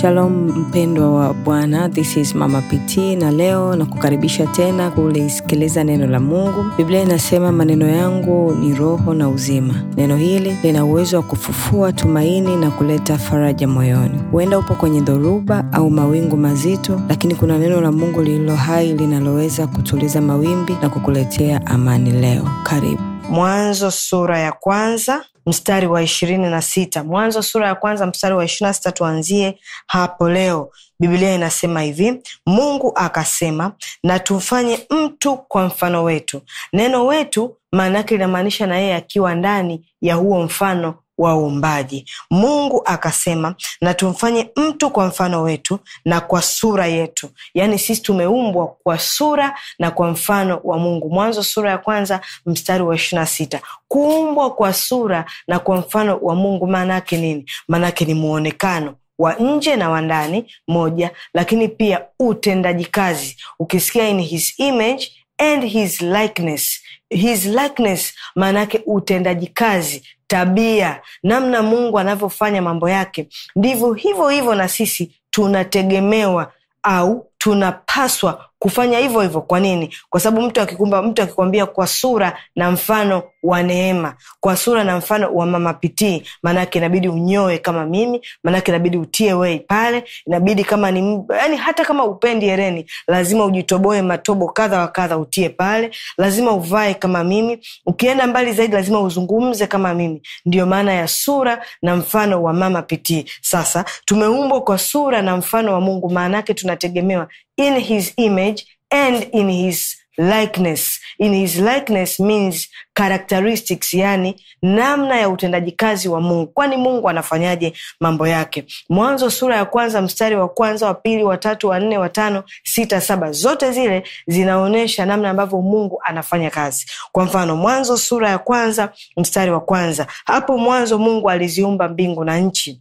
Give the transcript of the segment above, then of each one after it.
Shalom mpendwa wa Bwana, this is Mama PT na leo kukaribisha tena kulisikiliza neno la Mungu. Biblia inasema maneno yangu ni roho na uzima. Neno hili lina uwezo wa kufufua tumaini na kuleta faraja moyoni. Huenda upo kwenye dhoruba au mawingu mazito, lakini kuna neno la Mungu lililo hai linaloweza kutuliza mawimbi na kukuletea amani. Leo karibu Mwanzo sura ya kwanza mstari wa ishirini na sita Mwanzo sura ya kwanza mstari wa ishirini na sita tuanzie hapo leo. Biblia inasema hivi, Mungu akasema, na tumfanye mtu kwa mfano wetu. Neno wetu maana yake linamaanisha na yeye akiwa ndani ya huo mfano waumbaji. Mungu akasema, na tumfanye mtu kwa mfano wetu na kwa sura yetu. Yaani sisi tumeumbwa kwa sura na kwa mfano wa Mungu. Mwanzo sura ya kwanza mstari wa ishirini na sita. Kuumbwa kwa sura na kwa mfano wa Mungu maana yake nini? Maana yake ni mwonekano wa nje na wa ndani moja, lakini pia utendaji kazi. Ukisikia in his image and his likeness, his likeness maana yake utendaji kazi tabia, namna Mungu anavyofanya mambo yake, ndivyo hivyo hivyo na sisi tunategemewa au tunapaswa kufanya hivyo hivyo kwa nini kwa sababu mtu akikumba mtu akikwambia kwa sura na mfano wa neema kwa sura na mfano wa pitii maanake inabidi unyoe kama mimi maanake inabidi utie wei pale inabidi kama ni yani hata kama upendi hereni lazima ujitoboe matobo kadha wa kadha utie pale lazima uvae kama mimi ukienda mbali zaidi lazima uzungumze kama mimi ndio maana ya sura na mfano wa mama pitii sasa tumeumbwa kwa sura na mfano wa mungu maanake tunategemewa in his image and in his likeness. In his likeness means characteristics, yani namna ya utendaji kazi wa Mungu. Kwani Mungu anafanyaje mambo yake? Mwanzo sura ya kwanza mstari wa kwanza, wa pili, wa tatu, wa nne, wa tano, sita, saba, zote zile zinaonyesha namna ambavyo Mungu anafanya kazi. Kwa mfano, Mwanzo sura ya kwanza mstari wa kwanza, hapo mwanzo Mungu aliziumba mbingu na nchi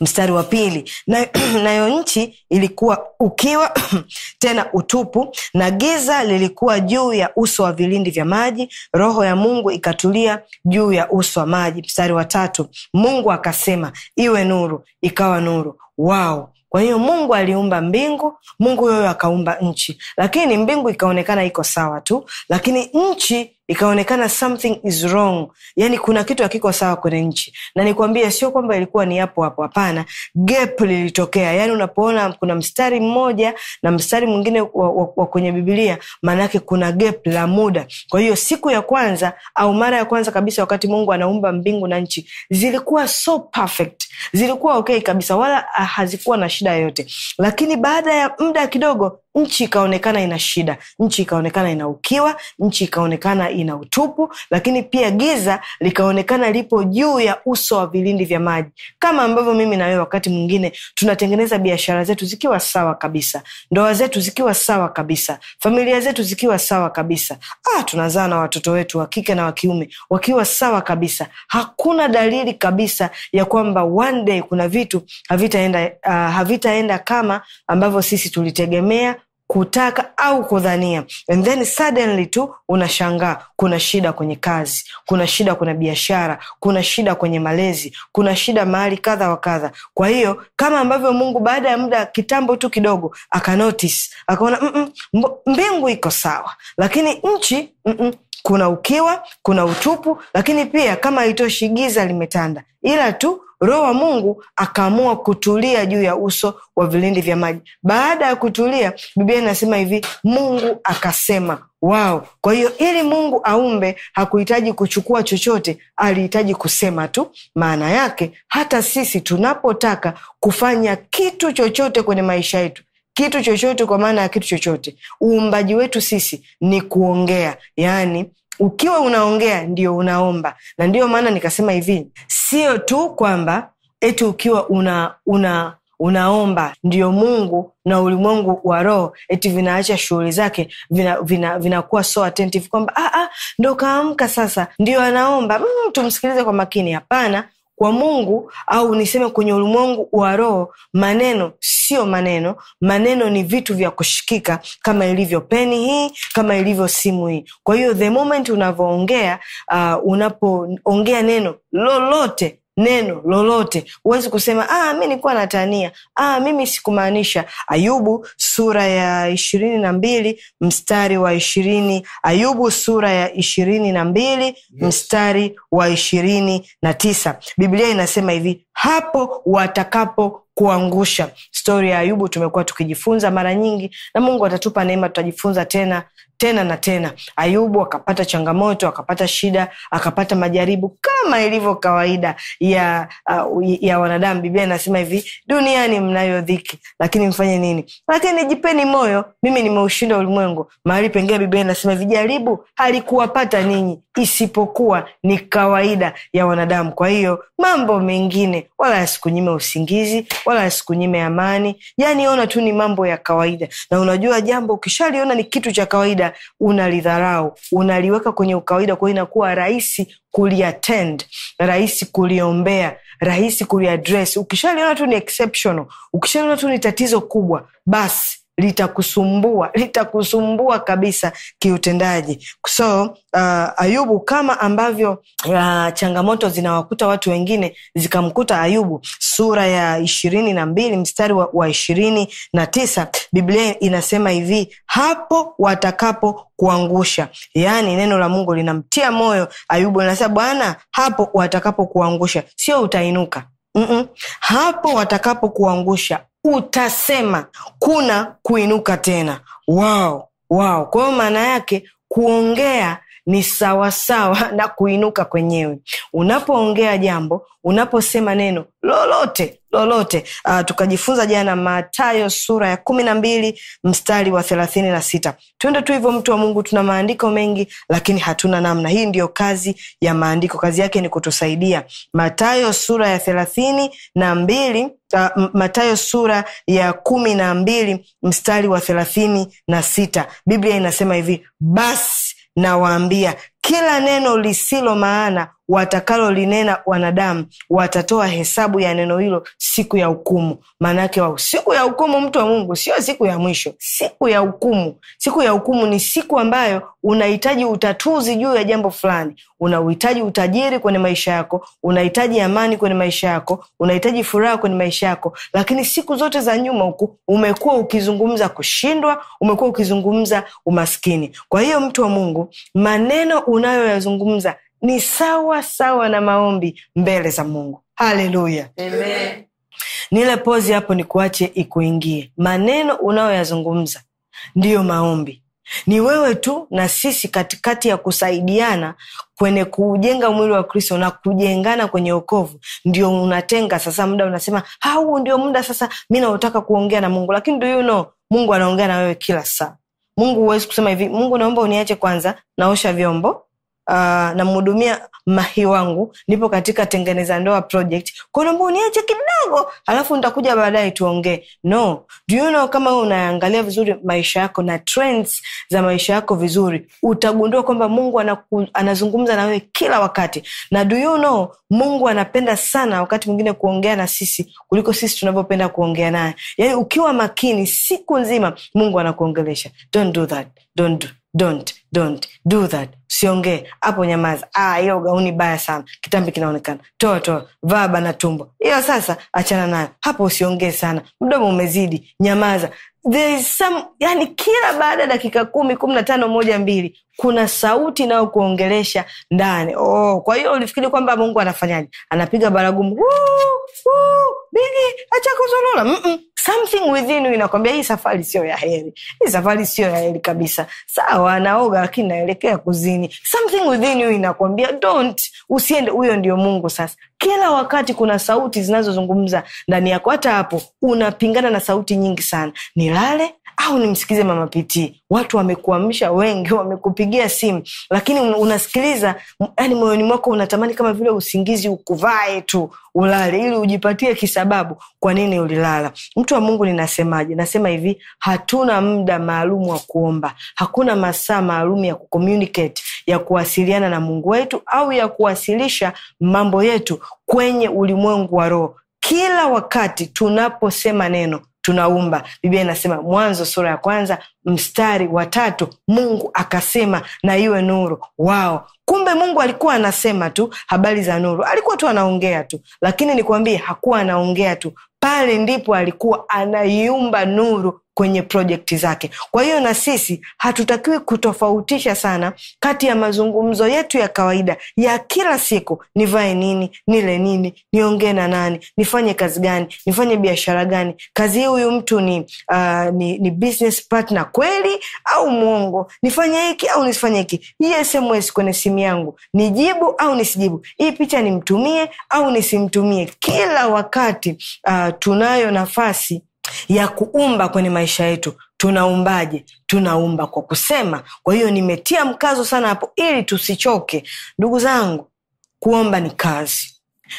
mstari wa pili nayo, na nchi ilikuwa ukiwa tena utupu na giza lilikuwa juu ya uso wa vilindi vya maji roho ya mungu ikatulia juu ya uso wa maji mstari wa tatu mungu akasema iwe nuru ikawa nuru wao kwa hiyo mungu aliumba mbingu mungu yoyo akaumba nchi lakini mbingu ikaonekana iko sawa tu lakini nchi ikaonekana something is wrong, yani kuna kitu hakiko sawa kwenye nchi. Na nikuambia sio kwamba ilikuwa ni hapo hapo, hapana, gap lilitokea. Yani unapoona kuna mstari mmoja na mstari mwingine wa, wa, wa kwenye Bibilia, maanaake kuna gap la muda. Kwa hiyo siku ya kwanza au mara ya kwanza kabisa, wakati Mungu anaumba mbingu na nchi, zilikuwa so perfect, zilikuwa okay kabisa, wala ah, hazikuwa na shida yoyote, lakini baada ya muda kidogo nchi ikaonekana ina shida, nchi ikaonekana ina ukiwa, nchi ikaonekana ina utupu, lakini pia giza likaonekana lipo juu ya uso wa vilindi vya maji, kama ambavyo mimi na wakati mwingine tunatengeneza biashara zetu zikiwa sawa kabisa, ndoa zetu zikiwa sawa kabisa, familia zetu zikiwa sawa kabisa. Ah, tunazaa na watoto wetu wa kike na wa kiume wakiwa sawa kabisa. Hakuna dalili kabisa ya kwamba one day kuna vitu havitaenda, uh, havitaenda kama ambavyo sisi tulitegemea kutaka au kudhania and then suddenly tu unashangaa kuna shida kwenye kazi kuna shida kwenye biashara kuna shida kwenye malezi kuna shida mahali kadha wa kadha kwa hiyo kama ambavyo mungu baada ya muda kitambo tu kidogo akanotis akaona mbingu iko sawa lakini nchi mm-mm, kuna ukiwa, kuna utupu, lakini pia kama haitoshi, giza limetanda, ila tu Roho wa Mungu akaamua kutulia juu ya uso wa vilindi vya maji. Baada ya kutulia, Biblia inasema hivi, Mungu akasema wao. Kwa hiyo ili Mungu aumbe hakuhitaji kuchukua chochote, alihitaji kusema tu. Maana yake hata sisi tunapotaka kufanya kitu chochote kwenye maisha yetu kitu chochote kwa maana ya kitu chochote. Uumbaji wetu sisi ni kuongea, yaani ukiwa unaongea ndio unaomba, na ndiyo maana nikasema hivi, sio tu kwamba eti ukiwa una, una unaomba ndio Mungu na ulimwengu wa roho eti vinaacha shughuli zake vinakuwa vina, vina so attentive kwamba ah, ah, ndo kaamka sasa ndio anaomba. Mm, tumsikilize kwa makini. Hapana, kwa Mungu au niseme kwenye ulimwengu wa roho, maneno sio maneno. Maneno ni vitu vya kushikika, kama ilivyo peni hii, kama ilivyo simu hii. Kwa hiyo the moment unavyoongea, uh, unapoongea neno lolote neno lolote huwezi kusema ah, mi na tania ah, mimi sikumaanisha ayubu sura ya ishirini na mbili mstari wa ishirini ayubu sura ya ishirini na mbili yes. mstari wa ishirini na tisa biblia inasema hivi hapo watakapo kuangusha stori ya ayubu tumekuwa tukijifunza mara nyingi na mungu atatupa neema tutajifunza tena tena na tena. Ayubu akapata changamoto, akapata shida, akapata majaribu kama ilivyo kawaida ya, uh, ya wanadamu. Biblia inasema hivi, duniani mnayo dhiki, lakini mfanye nini? Lakini jipeni moyo, mimi nimeushinda ulimwengu. Mahali pengine Biblia inasema hivi, jaribu halikuwapata ninyi isipokuwa ni kawaida ya wanadamu. Kwa hiyo mambo mengine wala yasikunyime usingizi, wala yasikunyime amani, yani ona tu ni mambo ya kawaida. Na unajua jambo ukishaliona ni kitu cha kawaida, unalidharau, unaliweka kwenye ukawaida, kwao inakuwa rahisi kuliatend, rahisi kuliombea, rahisi kuliadres Ukishaliona tu ni exceptional, ukishaliona tu ni tatizo kubwa, basi litakusumbua, litakusumbua kabisa kiutendaji. So uh, Ayubu kama ambavyo uh, changamoto zinawakuta watu wengine zikamkuta Ayubu, sura ya ishirini na mbili mstari wa ishirini na tisa Biblia inasema hivi, hapo watakapo kuangusha yaani, neno la Mungu linamtia moyo Ayubu, linasema Bwana, hapo watakapo kuangusha sio utainuka. Mm -mm. Hapo watakapokuangusha utasema kuna kuinuka tena. Wao wao, kwa hiyo maana yake kuongea ni sawasawa na kuinuka kwenyewe unapoongea jambo unaposema neno lolote lolote uh, tukajifunza jana matayo sura ya kumi na mbili mstari wa thelathini na sita twende tu hivyo mtu wa mungu tuna maandiko mengi lakini hatuna namna hii ndiyo kazi ya maandiko kazi yake ni kutusaidia matayo sura ya thelathini na mbili Uh, ah, matayo sura ya kumi na mbili mstari wa thelathini na sita biblia inasema hivi basi nawaambia kila neno lisilo maana watakalolinena wanadamu watatoa hesabu ya neno hilo siku ya hukumu. maanaake siku ya hukumu, mtu wa Mungu, sio siku ya mwisho, siku ya hukumu. Siku ya hukumu ni siku ambayo unahitaji utatuzi juu ya jambo fulani. Unauhitaji utajiri kwenye maisha yako, unahitaji amani kwenye maisha yako, unahitaji furaha kwenye maisha yako, lakini siku zote za nyuma huku umekuwa ukizungumza kushindwa, umekuwa ukizungumza umaskini. Kwa hiyo, mtu wa Mungu, maneno unayoyazungumza ni sawa sawa na maombi mbele za mungu haleluya nile pozi hapo ni kuache ikuingie maneno unayoyazungumza ndiyo maombi ni wewe tu na sisi katikati ya kusaidiana kwenye kuujenga mwili wa kristo na kujengana kwenye okovu ndio unatenga sasa muda unasema hau ndio muda sasa mi naotaka kuongea na mungu lakini do you know mungu anaongea na wewe kila saa mungu huwezi kusema hivi mungu naomba uniache kwanza naosha vyombo uh, namhudumia mahi wangu, nipo katika tengeneza ndoa project, kwanamba uniache kidogo, alafu ntakuja baadaye tuongee. No, do you know, kama unaangalia vizuri maisha yako na trends za maisha yako vizuri, utagundua kwamba Mungu anaku, anazungumza na wewe kila wakati, na do you know, Mungu anapenda sana wakati mwingine kuongea na sisi kuliko sisi tunavyopenda kuongea naye. Yani ukiwa makini siku nzima Mungu anakuongelesha. Don't do that. Don't do don't don't do that siongee hapo nyamaza ah, hiyo gauni baya sana kitambi kinaonekana toa toa vaa bana tumbo hiyo sasa achana nayo hapo usiongee sana mdomo umezidi nyamaza there is some, yani kila baada ya dakika kumi kumi na tano moja mbili kuna sauti inayokuongelesha ndani oh, kwa hiyo ulifikiri kwamba mungu anafanyaje anapiga baragumu bigi acha kuzurura mm -mm. something within inakwambia hii safari sio ya heri hii safari sio ya heri kabisa sawa naoga lakini naelekea kuzini something within inakwambia don't usiende huyo ndio mungu sasa kila wakati kuna sauti zinazozungumza ndani yako hata hapo unapingana na sauti nyingi sana nilale au nimsikilize mama pitii watu wamekuamsha wengi wamekupigia simu lakini unasikiliza yani moyoni mwako unatamani kama vile usingizi ukuvae tu ulale ili ujipatie kisababu kwa nini ulilala mtu wa mungu ninasemaje nasema hivi hatuna muda maalum wa kuomba hakuna masaa maalum ya ku ya kuwasiliana na mungu wetu au ya kuwasilisha mambo yetu kwenye ulimwengu wa roho kila wakati tunaposema neno tunaumba biblia inasema mwanzo sura ya kwanza mstari wa tatu mungu akasema na iwe nuru wao kumbe mungu alikuwa anasema tu habari za nuru alikuwa tu anaongea tu lakini nikuambie hakuwa anaongea tu pale ndipo alikuwa anaiumba nuru kwenye projekti zake. Kwa hiyo na sisi hatutakiwi kutofautisha sana kati ya mazungumzo yetu ya kawaida ya kila siku, nivae nini, nile nini, niongee na nani, nifanye kazi gani, nifanye biashara gani, kazi hii huyu mtu ni, uh, ni, ni business partner kweli au mwongo, nifanye hiki au nisifanye hiki, hii SMS kwenye simu yangu nijibu au nisijibu, hii picha nimtumie au nisimtumie. Kila wakati uh, tunayo nafasi ya kuumba kwenye maisha yetu tunaumbaje tunaumba kwa kusema kwa hiyo nimetia mkazo sana hapo ili tusichoke ndugu zangu kuomba ni kazi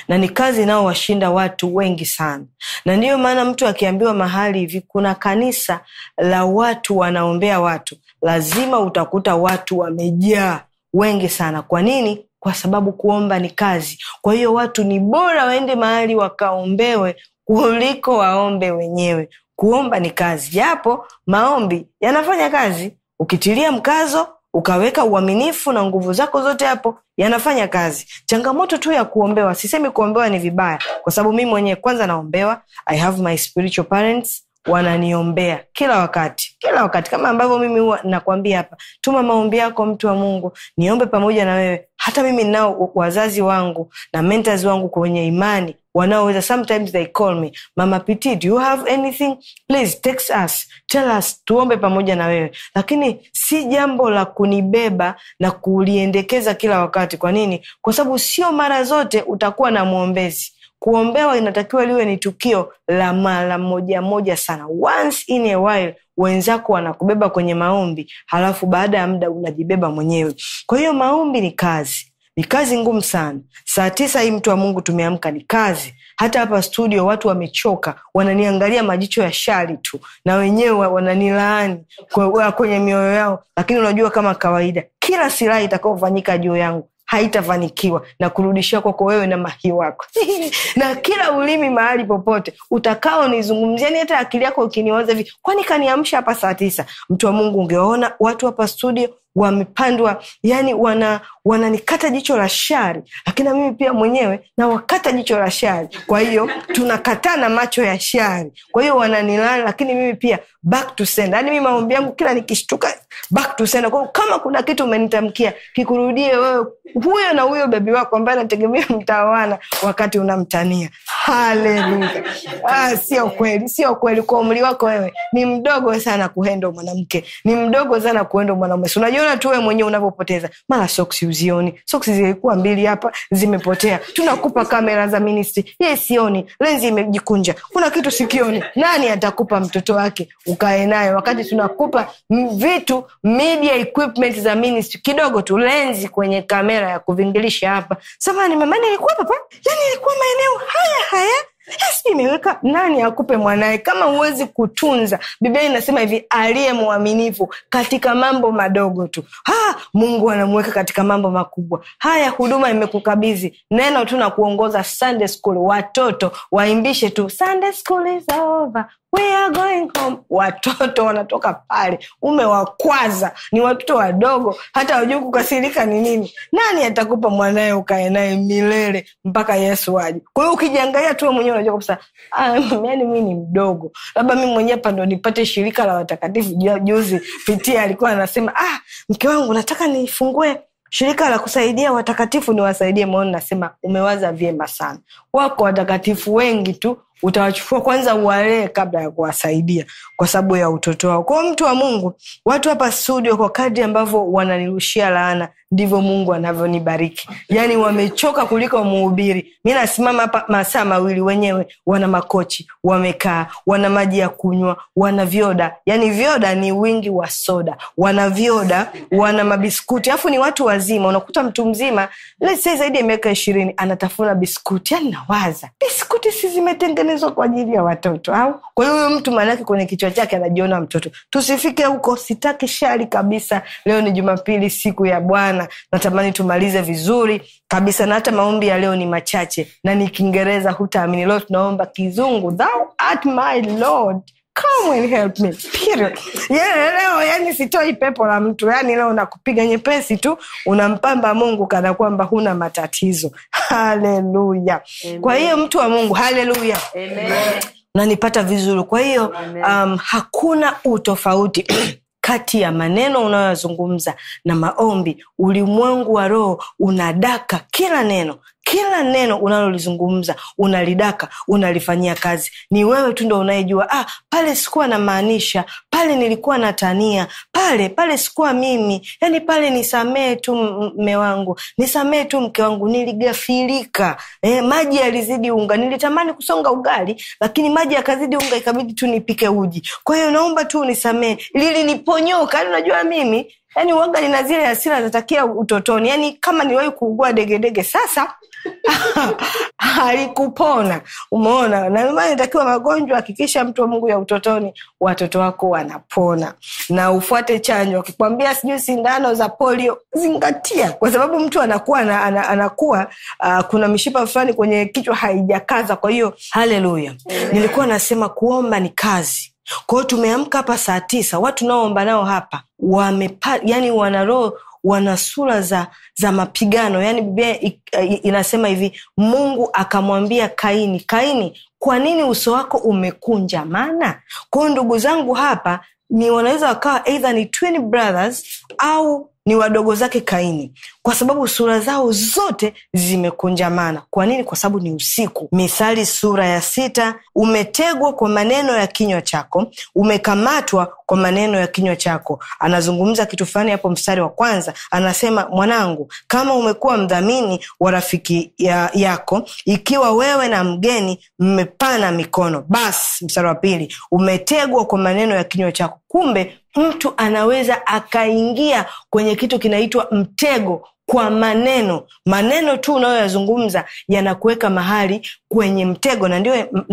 na ni kazi inayowashinda watu wengi sana na ndiyo maana mtu akiambiwa mahali hivi kuna kanisa la watu wanaombea watu lazima utakuta watu wamejaa wengi sana kwa nini kwa sababu kuomba ni kazi kwa hiyo watu ni bora waende mahali wakaombewe kuliko waombe wenyewe. Kuomba ni kazi, japo maombi yanafanya kazi ukitilia mkazo ukaweka uaminifu na nguvu zako zote, hapo yanafanya kazi. Changamoto tu ya kuombewa, sisemi kuombewa ni vibaya, kwa sababu mii mwenyewe kwanza naombewa. I have my spiritual parents wananiombea kila wakati kila wakati kama ambavyo mimi huwa nakwambia hapa tuma maombi yako mtu wa mungu niombe pamoja na wewe hata mimi nao wazazi wangu na mentors wangu kwenye imani wanaoweza sometimes they call me mama piti do you have anything please text us tell us tuombe pamoja na wewe lakini si jambo la kunibeba na kuliendekeza kila wakati kwa nini kwa sababu sio mara zote utakuwa na mwombezi kuombewa inatakiwa liwe ni tukio la mara moja moja sana, once in a while. Wenzako wanakubeba kwenye maombi, halafu baada ya muda unajibeba mwenyewe. Kwa hiyo maombi ni kazi, ni kazi ngumu sana. Saa tisa hii mtu wa Mungu tumeamka, ni kazi hata hapa studio watu wamechoka, wananiangalia majicho ya shari tu, na wenyewe wananilaani kwenye mioyo yao, lakini unajua kama kawaida, kila silaha itakaofanyika juu yangu haitafanikiwa na kurudishia kwako wewe na mahi wako na kila ulimi mahali popote utakao nizungumzia ni hata akili yako ukiniwaza hivi kwani kaniamsha hapa saa tisa mtu wa mungu ungeona watu hapa studio wamepandwa yani wana wananikata jicho la shari, lakini mimi pia mwenyewe nawakata jicho la shari. Kwa hiyo tunakataa na macho ya shari, kwa hiyo wananilala lakini mimi pia back to sender. Yani mi maombi yangu kila nikishtuka back to sender. Kwa kama kuna kitu umenitamkia kikurudie wewe, huyo na huyo bebi wako ambaye anategemea mtawana wakati unamtania. Haleluya! Ah, sio kweli, sio kweli. Kwa umri wako wewe ni mdogo sana kuhendwa mwanamke, ni mdogo sana kuhendwa mwanamume. Unajiona tu wewe mwenyewe unavyopoteza, mara sio sioni soksi zilikuwa mbili hapa zimepotea tunakupa kamera za ministri ye sioni lenzi imejikunja kuna kitu sikioni nani atakupa mtoto wake ukae naye wakati tunakupa vitu media equipment za ministry kidogo tu lenzi kwenye kamera ya kuvingilisha hapa samani mama nilikuwa papa eh? yani ilikuwa maeneo haya haya imeweka nani akupe mwanaye kama huwezi kutunza? Biblia inasema hivi, aliye mwaminifu katika mambo madogo tu, ha, Mungu anamweka katika mambo makubwa. Haya, huduma imekukabidhi neno tu na kuongoza Sunday school. Watoto waimbishe tu Sunday school is over. We are going home. Watoto wanatoka pale, umewakwaza. Ni watoto wadogo, hata wajui kukasirika ni nini. Nani atakupa mwanaye ukae naye milele mpaka Yesu aje? Kwa hiyo ukijiangalia tu mwenyewe unajua kabisa ah, yani mi ni mdogo labda mi mwenyewe pando nipate shirika la watakatifu juzi pitia alikuwa anasema ah, mke wangu nataka nifungue shirika la kusaidia watakatifu niwasaidie maoni nasema umewaza vyema sana wako watakatifu wengi tu utawachukua kwanza uwalee kabla ya kuwasaidia kwa sababu ya utoto wao kwao mtu wa mungu watu hapa studio kwa kadi ambavyo wananirushia laana ndivyo Mungu anavyonibariki. Yani wamechoka kuliko mhubiri. Mi nasimama hapa masaa mawili, wenyewe wana makochi, wamekaa, wana maji ya kunywa, wana vyoda. Yani vyoda ni wingi wa soda, wana vyoda, wana mabiskuti, alafu ni watu wazima. Unakuta mtu mzima lese zaidi ya miaka ishirini anatafuna biskuti. Yani nawaza biskuti si zimetengenezwa kwa ajili ya watoto au? Kwa hiyo huyo mtu maanake kwenye kichwa chake anajiona mtoto. Tusifike huko, sitaki shari kabisa. Leo ni Jumapili, siku ya Bwana sana natamani tumalize vizuri kabisa, na hata maombi ya leo ni machache na ni Kiingereza, hutaamini. Leo tunaomba Kizungu, thou art my Lord Come and help me. Period. Yeah, leo yani sitoi pepo la mtu yani, leo nakupiga nyepesi tu, unampamba Mungu kana kwamba huna matatizo. Haleluya! Kwa hiyo mtu wa Mungu, haleluya, nanipata vizuri. Kwa hiyo um, hakuna utofauti kati ya maneno unayoyazungumza na maombi. Ulimwengu wa roho unadaka kila neno kila neno unalolizungumza unalidaka unalifanyia kazi ni wewe tu ndo unayejua ah, pale sikuwa namaanisha pale nilikuwa natania pale pale sikuwa mimi yani pale nisamee tu mme wangu nisamee tu mke wangu niligafirika eh, maji yalizidi unga nilitamani kusonga ugali lakini maji yakazidi unga ikabidi tu nipike uji kwa hiyo naomba tu nisamee liliniponyoka yani unajua mimi yani uanga nina zile hasira zatakia utotoni yani kama niliwahi kuugua degedege sasa halikupona. Umeona, na maana magonjwa, hakikisha mtu wa Mungu ya utotoni, watoto wako wanapona, na ufuate chanjo. Akikwambia sijui sindano za polio, zingatia, kwa sababu mtu anakuwa ana, anakuwa uh, kuna mishipa fulani kwenye kichwa haijakaza. Kwa hiyo haleluya, nilikuwa nasema kuomba ni kazi kwao. Tumeamka hapa saa tisa, watu naoomba nao hapa wamepa, yani wana wana sura za, za mapigano. yani Biblia inasema hivi, Mungu akamwambia Kaini, Kaini, kwa nini uso wako umekunja? Maana kwao ndugu zangu hapa ni wanaweza wakawa eidha ni twin brothers au ni wadogo zake Kaini, kwa sababu sura zao zote zimekunjamana. Kwa nini? Kwa sababu ni usiku. Mithali sura ya sita, umetegwa kwa maneno ya kinywa chako, umekamatwa kwa maneno ya kinywa chako. Anazungumza kitu fulani hapo, mstari wa kwanza anasema, mwanangu, kama umekuwa mdhamini wa rafiki ya yako, ikiwa wewe na mgeni mmepana mikono, basi. Mstari wa pili, umetegwa kwa maneno ya kinywa chako. Kumbe mtu anaweza akaingia kwenye kitu kinaitwa mtego kwa maneno maneno tu unayoyazungumza yanakuweka mahali kwenye mtego na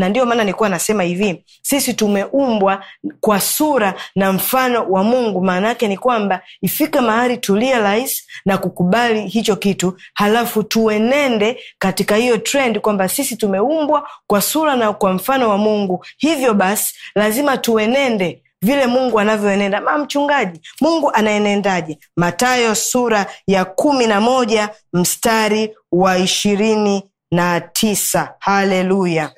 ndio, maana nikuwa nasema hivi sisi tumeumbwa kwa sura na mfano wa mungu maana yake ni kwamba ifike mahali tulialise na kukubali hicho kitu halafu tuenende katika hiyo trend kwamba sisi tumeumbwa kwa sura na kwa mfano wa mungu hivyo basi lazima tuenende vile Mungu anavyoenenda. Ma mchungaji, Mungu anaenendaje? Matayo sura ya kumi na moja mstari wa ishirini na tisa. Haleluya,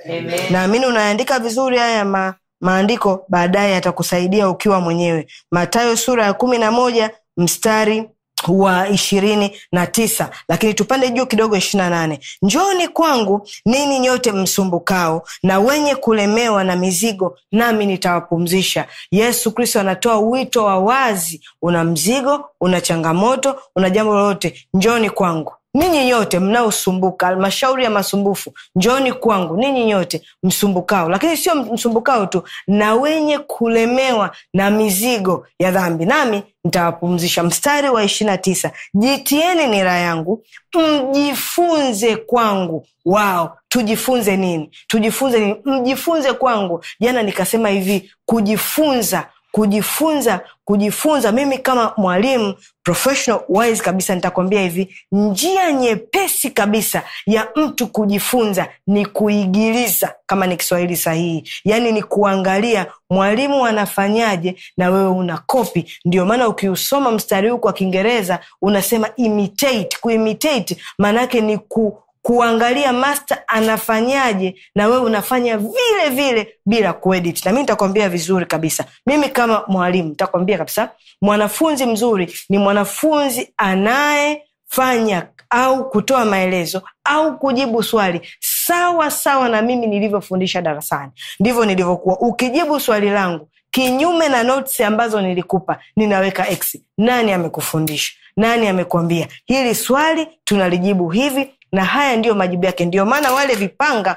naamini unaandika vizuri haya ma, maandiko, baadaye yatakusaidia ukiwa mwenyewe. Matayo sura ya kumi na moja mstari wa ishirini na tisa lakini tupande juu kidogo ishirini na nane njoni kwangu nini nyote msumbukao na wenye kulemewa na mizigo nami nitawapumzisha yesu kristo anatoa wito wa wazi una mzigo una changamoto una jambo lolote njoni kwangu Ninyi nyote mnaosumbuka, halmashauri ya masumbufu, njooni kwangu ninyi nyote msumbukao, lakini sio msumbukao tu, na wenye kulemewa na mizigo ya dhambi, nami nitawapumzisha. Mstari wa ishirini na tisa jitieni nira yangu, mjifunze kwangu. Wao tujifunze nini? Tujifunze nini? Mjifunze kwangu. Jana nikasema hivi, kujifunza kujifunza kujifunza. Mimi kama mwalimu professional wise kabisa nitakwambia hivi, njia nyepesi kabisa ya mtu kujifunza ni kuigiliza, kama ni Kiswahili sahihi, yaani ni kuangalia mwalimu anafanyaje na wewe una kopi. Ndio maana ukiusoma mstari huu kwa Kiingereza unasema imitate. Kuimitate maanaake ni ku kuangalia masta anafanyaje na wewe unafanya vile vile bila kuedit na mi nitakwambia vizuri kabisa mimi kama mwalimu nitakwambia kabisa mwanafunzi mzuri ni mwanafunzi anayefanya au kutoa maelezo au kujibu swali sawa sawa na mimi nilivyofundisha darasani ndivyo nilivyokuwa ukijibu swali langu kinyume na notes ambazo nilikupa ninaweka x nani amekufundisha nani amekwambia hili swali tunalijibu hivi na haya ndiyo majibu yake. Ndio maana wale vipanga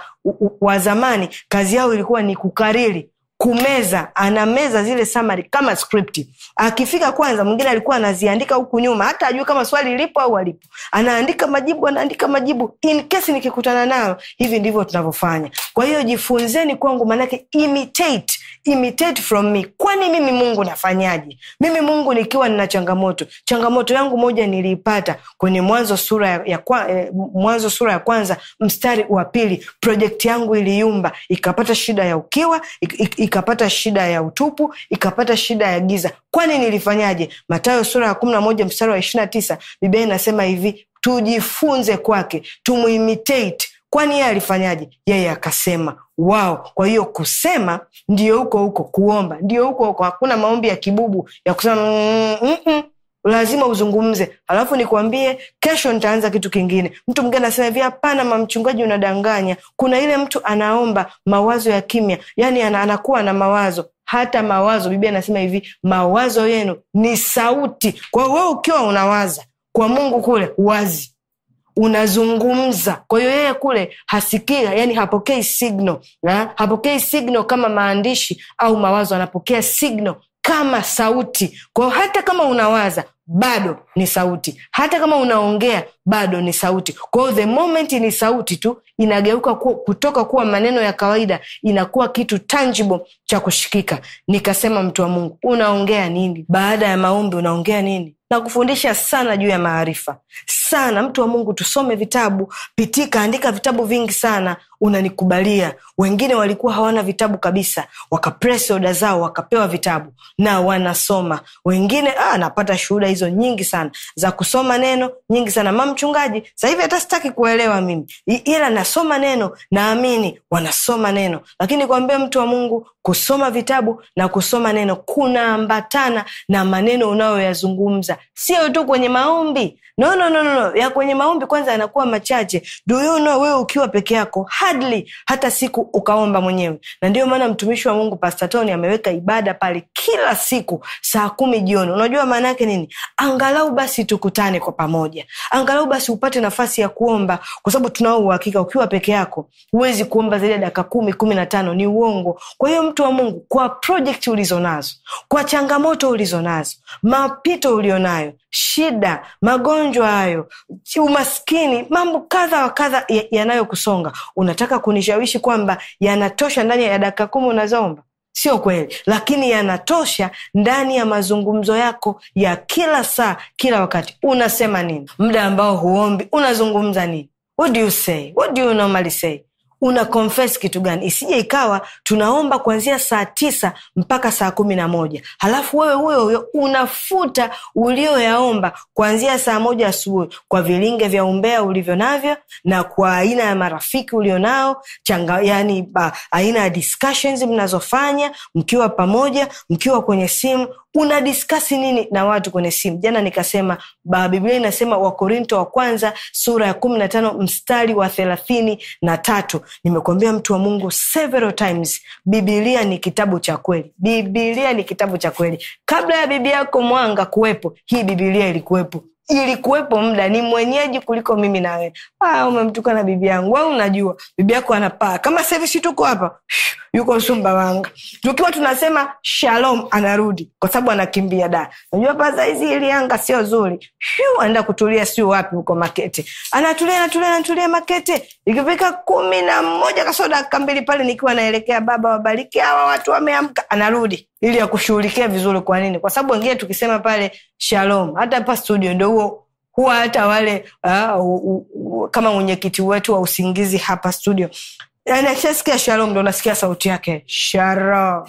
wa zamani kazi yao ilikuwa ni kukariri kumeza anameza zile samari kama skripti akifika kwanza mwingine alikuwa anaziandika huku nyuma hata ajui kama swali lipo au alipo anaandika majibu anaandika majibu in kesi nikikutana nayo hivi ndivyo tunavyofanya kwa hiyo jifunzeni kwangu maanake imitate imitate from me kwani mimi mungu nafanyaje mimi mungu nikiwa nina changamoto changamoto yangu moja niliipata kwenye mwanzo sura ya, ya kwa, eh, mwanzo sura ya kwanza mstari wa pili projekti yangu iliyumba ikapata shida ya ukiwa ik, ik, ik ikapata shida ya utupu, ikapata shida ya giza. Kwani nilifanyaje? matayo sura ya kumi na moja mstari wa ishiri na tisa bibia inasema hivi, tujifunze kwake, tumuimitate kwani yeye alifanyaje? Yeye akasema wao. Kwa hiyo kusema ndio huko huko, kuomba ndio huko huko. Hakuna maombi ya kibubu ya kusema mm -mm. mm lazima uzungumze. Alafu nikwambie kesho nitaanza kitu kingine. Mtu mngine anasema hivi, hapana mamchungaji mchungaji, unadanganya. Kuna ile mtu anaomba mawazo ya kimya, yani anakuwa na mawazo hata mawazo. Biblia anasema hivi, mawazo yenu ni sauti. Kwa hiyo ukiwa unawaza kwa Mungu kule wazi unazungumza. Kwa hiyo yeye kule hasikia, yani hapokei signal, hapokei signal kama maandishi au mawazo, anapokea signal kama sauti. kwao hata kama unawaza bado ni sauti, hata kama unaongea bado ni sauti. kwao the moment ni sauti tu, inageuka ku, kutoka kuwa maneno ya kawaida inakuwa kitu tangible cha kushikika. Nikasema, mtu wa Mungu, unaongea nini? Baada ya maombi unaongea nini? Nakufundisha sana juu ya maarifa sana mtu wa mungu tusome vitabu pitika andika vitabu vingi sana unanikubalia wengine walikuwa hawana vitabu kabisa wakapresi oda zao wakapewa vitabu na wanasoma wengine ah, napata shuhuda hizo nyingi sana za kusoma neno nyingi sana ma mchungaji sahivi hata sitaki kuelewa mimi ila nasoma neno naamini wanasoma neno lakini kuambia mtu wa mungu kusoma vitabu na kusoma neno kunaambatana na maneno unayoyazungumza sio tu kwenye maombi no, no, no, no no, ya kwenye maombi kwanza yanakuwa machache. Do you know, wewe ukiwa peke yako hardly hata siku ukaomba mwenyewe, na ndio maana mtumishi wa Mungu Pastor Tony ameweka ibada pale kila siku saa kumi jioni. Unajua maana yake nini? Angalau basi tukutane kwa pamoja, angalau basi upate nafasi ya kuomba, kwa sababu tunao uhakika ukiwa peke yako huwezi kuomba zaidi ya dakika kumi kumi na tano ni uongo. Kwa hiyo mtu wa Mungu, kwa project ulizonazo, kwa changamoto ulizonazo, mapito ulionayo shida, magonjwa hayo, umaskini, mambo kadha wa kadha yanayokusonga, unataka kunishawishi kwamba yanatosha ndani ya dakika kumi unazoomba? Sio kweli, lakini yanatosha ndani ya mazungumzo yako ya kila saa, kila wakati. Unasema nini muda ambao huombi? Unazungumza nini? What do you say? What do you normally say? una confess kitu gani isije ikawa tunaomba kuanzia saa tisa mpaka saa kumi na moja halafu wewe huyo huyo unafuta ulioyaomba kuanzia saa moja asubuhi kwa vilinge vya umbea ulivyo navyo na kwa aina ya marafiki ulionao changa yani ba, aina ya discussions mnazofanya mkiwa pamoja mkiwa kwenye simu una diskasi nini na watu kwenye simu jana nikasema bibilia biblia inasema wakorinto wa kwanza sura ya kumi na tano mstari wa thelathini na tatu nimekuambia mtu wa mungu several times bibilia ni kitabu cha kweli bibilia ni kitabu cha kweli kabla ya bibi yako mwanga kuwepo hii bibilia ilikuwepo ilikuwepo muda ni mwenyeji kuliko mimi nawe wewe. Ah, umemtuka na bibi yangu. Wewe unajua bibi yako anapaa. Kama sasa si tuko hapa, yuko wanga Tukiwa tunasema shalom anarudi kwa sababu anakimbia da. najua pa sasa ili ile anga sio nzuri. Anaenda kutulia sio wapi huko Makete. Anatulia anatulia anatulia Makete. Ikifika kumi na moja kasoro dakika mbili pale nikiwa naelekea baba wabariki hawa watu wameamka anarudi ili yakushughulikia vizuri. Kwa nini? Kwa sababu wengine tukisema pale shalom, hata hapa studio ndo huo huwa hata wale uh, kama mwenyekiti wetu wa usingizi hapa studio, yani shalom ndo nasikia sauti yake shalom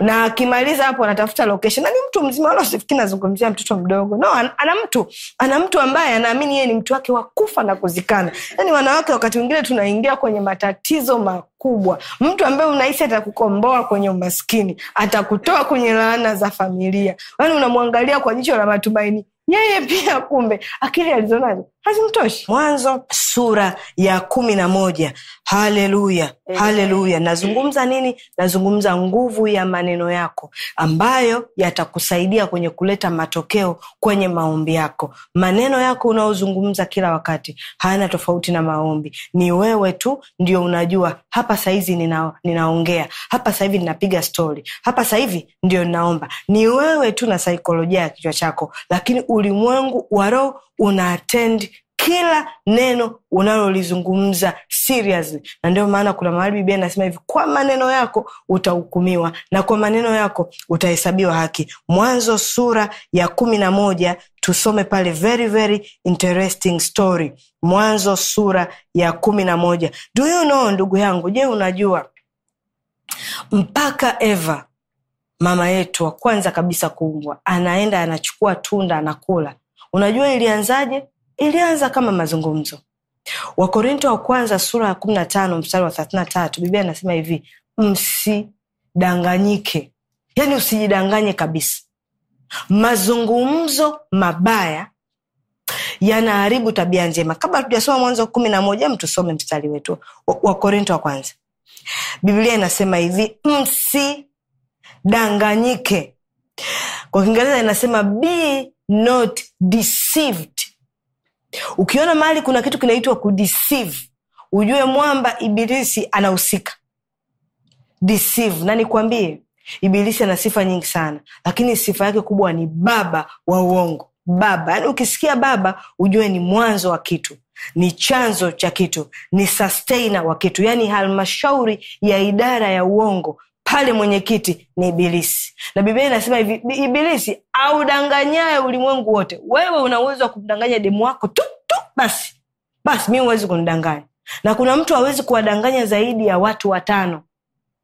na akimaliza hapo anatafuta location na ni mtu mzima wala usifikiri nazungumzia mtoto mdogo no ana mtu ana mtu ambaye anaamini yeye ni mtu wake wa kufa na kuzikana yani wanawake wakati mwingine tunaingia kwenye matatizo makubwa mtu ambaye unahisi atakukomboa kwenye umaskini atakutoa kwenye laana za familia yani unamwangalia kwa jicho la matumaini yeye pia kumbe akili alizonazo hazimtoshi mwanzo sura ya kumi na moja haleluya haleluya nazungumza nini nazungumza nguvu ya maneno yako ambayo yatakusaidia kwenye kuleta matokeo kwenye maombi yako maneno yako unaozungumza kila wakati hayana tofauti na maombi ni wewe tu ndio unajua hapa sahizi nina, ninaongea hapa sahivi ninapiga stori hapa sahivi ndio ninaomba ni wewe tu na saikolojia ya kichwa chako lakini ulimwengu wa roho unaatendi kila neno unalolizungumza seriously na ndio maana kuna mahali bibia inasema hivi kwa maneno yako utahukumiwa na kwa maneno yako utahesabiwa haki mwanzo sura ya kumi na moja tusome pale very very interesting story mwanzo sura ya kumi na moja do you know ndugu yangu je unajua mpaka eva mama yetu wa kwanza kabisa kuumbwa anaenda anachukua tunda anakula unajua ilianzaje ilianza kama mazungumzo wakorinto wa kwanza sura ya kumi na tano mstari wa thelathini na tatu biblia anasema hivi msidanganyike yani usijidanganye kabisa mazungumzo mabaya yanaharibu tabia njema kabla tujasoma mwanzo kumi na moja mtusome mstari wetu wakorinto wa kwanza biblia inasema hivi msidanganyike kwa kiingereza inasema be not deceived ukiona mali kuna kitu kinaitwa ku ujue mwamba ibilisi anahusika na nikwambie ibilisi ana sifa nyingi sana lakini sifa yake kubwa ni baba wa uongo baba yaani ukisikia baba ujue ni mwanzo wa kitu ni chanzo cha kitu ni sustainer wa kitu yaani halmashauri ya idara ya uongo pale mwenyekiti ni Ibilisi, na Biblia inasema hivi, Ibilisi audanganyaye ulimwengu wote. Wewe una uwezo wa kumdanganya demu wako tu tu, basi basi, mi huwezi kunidanganya. Na kuna mtu awezi kuwadanganya zaidi ya watu watano,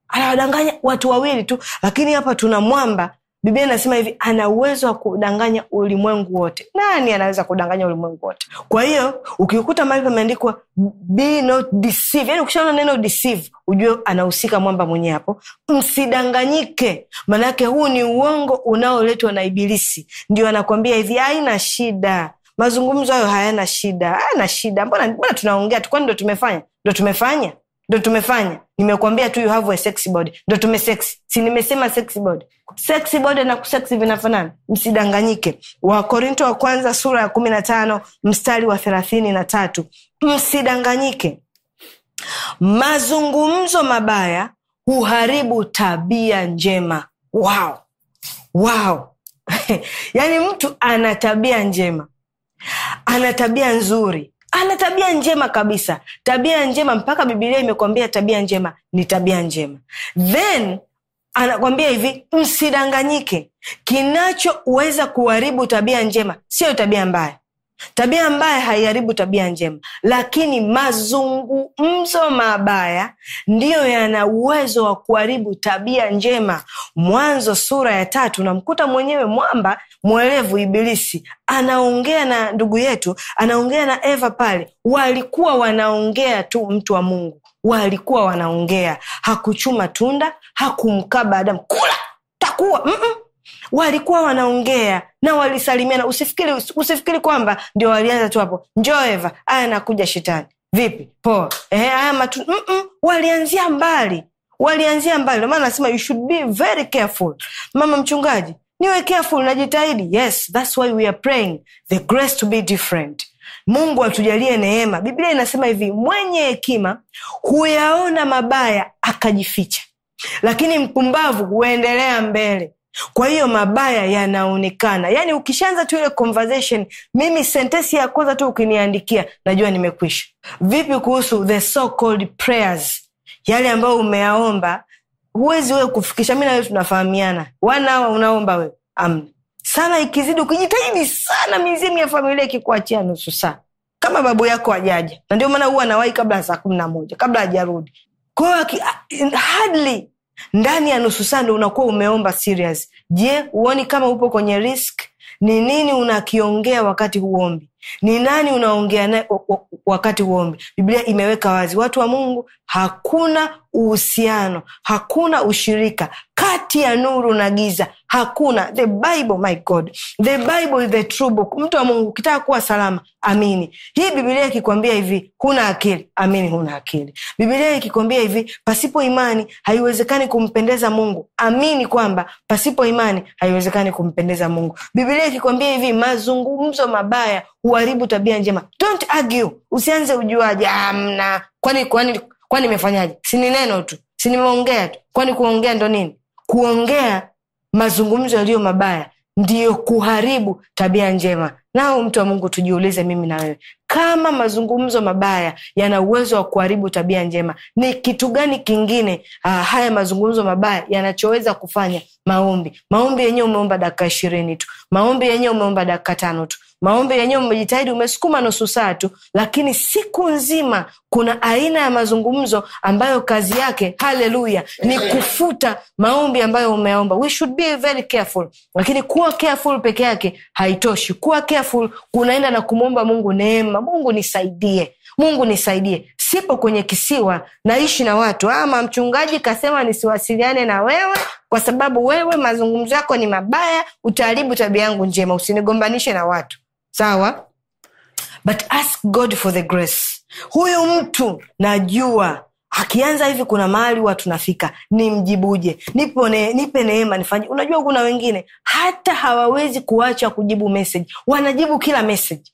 anawadanganya watu wawili tu, lakini hapa tuna mwamba biblia inasema hivi ana uwezo wa kudanganya ulimwengu wote nani anaweza kudanganya ulimwengu wote kwa hiyo ukikuta mali pameandikwa yani ukishaona neno deceive ujue anahusika mwamba mwenye hapo msidanganyike maanake huu ni uongo unaoletwa na ibilisi ndio anakwambia hivi haina shida mazungumzo hayo hayana shida hayana shida mbona mbona tunaongea tu kwani ndo tumefanya ndo tumefanya ndo tumefanya nimekuambia tu you have a body ndo tumesex si nimesema sexy body body na kusexy vinafanana msidanganyike wakorinto wa kwanza sura ya kumi na tano mstari wa thelathini na tatu msidanganyike mazungumzo mabaya huharibu tabia njema wow wow yaani mtu ana tabia njema ana tabia nzuri ana tabia njema kabisa tabia njema mpaka bibilia imekwambia tabia njema ni tabia njema then anakwambia hivi msidanganyike kinachoweza kuharibu tabia njema siyo tabia mbaya tabia mbaya haiharibu tabia njema lakini mazungumzo mabaya ndiyo yana uwezo wa kuharibu tabia njema mwanzo sura ya tatu namkuta mwenyewe mwamba mwerevu Ibilisi anaongea na ndugu yetu, anaongea na Eva pale. Walikuwa wanaongea tu, mtu wa Mungu, walikuwa wanaongea. Hakuchuma tunda, hakumkaba Adamu, kula takuwa Mm-mm. Walikuwa wanaongea na walisalimiana. Usifikiri, usifikiri kwamba ndio walianza tu hapo, njo Eva, aya nakuja shetani, vipi poa, ehe, aya matu Mm-mm. Walianzia mbali, walianzia mbali. maana nasema you should be very careful, mama mchungaji niwe careful najitahidi yes thats why we are praying the grace to be different mungu atujalie neema biblia inasema hivi mwenye hekima huyaona mabaya akajificha lakini mpumbavu huendelea mbele kwa hiyo mabaya yanaonekana yaani ukishaanza tu ile conversation mimi sentesi ya kwanza tu ukiniandikia najua nimekwisha vipi kuhusu the so called prayers yale ambayo umeyaomba huwezi wewe kufikisha mi nawe tunafahamiana wanawa unaomba wewe um, sana ikizidi ukijitahidi sana mizimu ya familia ikikuachia nusu saa kama babu yako ajaja na ndio maana huwa anawahi kabla saa kumi na moja kabla ajarudi kwao hadli ndani ya nusu saa ndo unakuwa umeomba serious je huoni kama upo kwenye risk ni nini unakiongea wakati huombi ni nani unaongea naye wakati huombi biblia imeweka wazi watu wa mungu hakuna uhusiano hakuna ushirika kati ya nuru na giza hakuna the bible my god the bible is the true book mtu wa mungu ukitaka kuwa salama amini hii bibilia ikikwambia hivi huna akili amini huna akili bibilia ikikwambia hivi pasipo imani haiwezekani kumpendeza mungu amini kwamba pasipo imani haiwezekani kumpendeza mungu bibilia ikikwambia hivi mazungumzo mabaya huharibu tabia njema don't argue usianze ujuaji amna ah, kwani kwani kwani imefanyaje? Si ni neno tu, si nimeongea tu? Kwani kuongea ndo nini? Kuongea mazungumzo yaliyo mabaya ndiyo kuharibu tabia njema. Nao mtu wa Mungu, tujiulize, mimi na wewe, kama mazungumzo mabaya yana uwezo wa kuharibu tabia njema, ni kitu gani kingine uh, haya mazungumzo mabaya yanachoweza kufanya? Maombi, maombi yenyewe umeomba dakika ishirini tu, maombi yenyewe umeomba dakika tano tu maombi yenyewe umejitahidi, umesukuma nusu saa tu, lakini siku nzima kuna aina ya mazungumzo ambayo kazi yake haleluya, ni kufuta maombi ambayo umeomba. We should be very careful, lakini kuwa careful peke yake haitoshi. Kuwa careful kunaenda na kumwomba Mungu neema, Mungu nisaidie Mungu nisaidie, sipo kwenye kisiwa, naishi na watu ama ah, mchungaji kasema nisiwasiliane na wewe kwa sababu wewe mazungumzo yako ni mabaya, utaaribu tabia yangu njema, usinigombanishe na watu sawa but ask god for the grace huyu mtu najua akianza hivi kuna mahali huwa tunafika nimjibuje ne, nipe neema nifanye unajua kuna wengine hata hawawezi kuacha kujibu message wanajibu kila message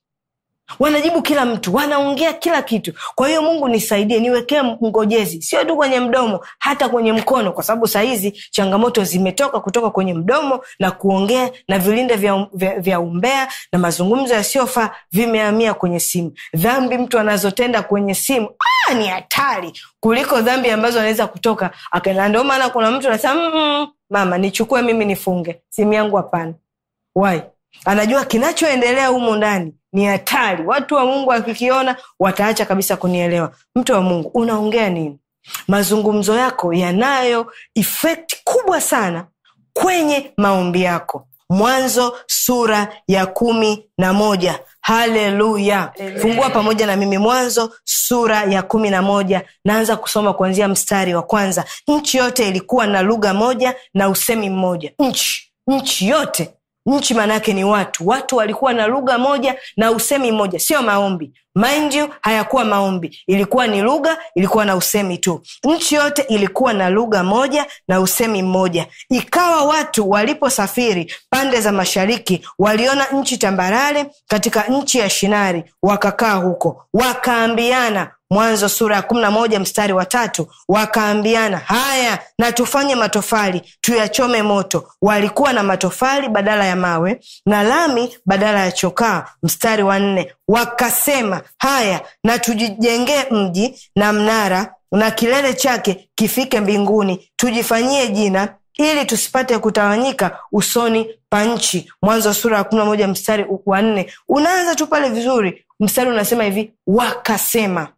wanajibu kila mtu wanaongea kila kitu kwa hiyo mungu nisaidie niwekee ngojezi sio tu kwenye mdomo hata kwenye mkono kwa sababu sahizi changamoto zimetoka kutoka kwenye mdomo na kuongea na vilinde vya, vya, vya umbea na mazungumzo yasiyofaa vimeamia kwenye simu dhambi mtu anazotenda kwenye simu ah, ni hatari kuliko dhambi ambazo anaweza kutoka akana ndio maana kuna mtu anasema mm, mama nichukue mimi nifunge simu yangu hapana anajua kinachoendelea humo ndani ni hatari watu wa mungu wakikiona wataacha kabisa kunielewa mtu wa mungu unaongea nini mazungumzo yako yanayo efekti kubwa sana kwenye maombi yako mwanzo sura ya kumi na moja haleluya fungua pamoja na mimi mwanzo sura ya kumi na moja naanza kusoma kuanzia mstari wa kwanza nchi yote ilikuwa na lugha moja na usemi mmoja nchi nchi yote nchi maanaake ni watu watu walikuwa na lugha moja na usemi mmoja sio maombi mind you hayakuwa maombi ilikuwa ni lugha ilikuwa na usemi tu nchi yote ilikuwa na lugha moja na usemi mmoja ikawa watu waliposafiri pande za mashariki waliona nchi tambarare katika nchi ya shinari wakakaa huko wakaambiana mwanzo sura ya kumi na moja mstari wa tatu wakaambiana haya na tufanye matofali tuyachome moto walikuwa na matofali badala ya mawe na lami badala ya chokaa mstari wa nne wakasema haya na tujijengee mji na mnara na kilele chake kifike mbinguni tujifanyie jina ili tusipate kutawanyika usoni pa nchi mwanzo sura ya kumi na moja mstari wa nne unaanza tu pale vizuri mstari unasema hivi wakasema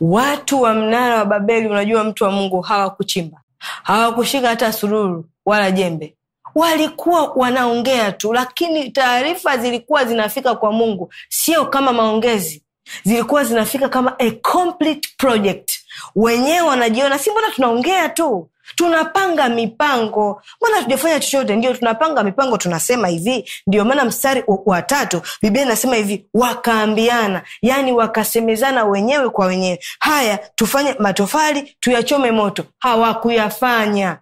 watu wa mnara wa Babeli, unajua mtu wa Mungu, hawakuchimba hawakushika hata sururu wala jembe, walikuwa wanaongea tu, lakini taarifa zilikuwa zinafika kwa Mungu, sio kama maongezi, zilikuwa zinafika kama a complete project. Wenyewe wanajiona si mbona tunaongea tu tunapanga mipango mana tujafanya chochote ndio tunapanga mipango tunasema hivi ndio maana mstari watatu bibia biblia inasema hivi wakaambiana yaani wakasemezana wenyewe kwa wenyewe haya tufanye matofali tuyachome moto hawakuyafanya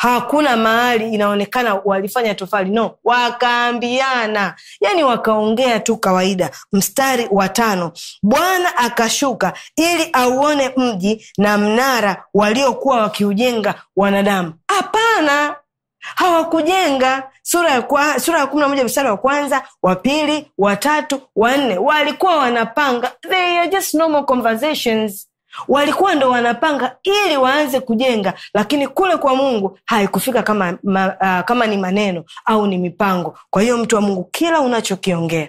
hakuna mahali inaonekana walifanya tofali no wakaambiana yani wakaongea tu kawaida mstari wa tano bwana akashuka ili auone mji na mnara waliokuwa wakiujenga wanadamu hapana hawakujenga sura ya kwa, sura ya kumi na moja mstari wa kwanza wa pili watatu wanne walikuwa wanapanga they are just normal conversations walikuwa ndo wanapanga ili waanze kujenga, lakini kule kwa Mungu haikufika kama, ma, uh, kama ni maneno au ni mipango. Kwa hiyo mtu wa Mungu, kila unachokiongea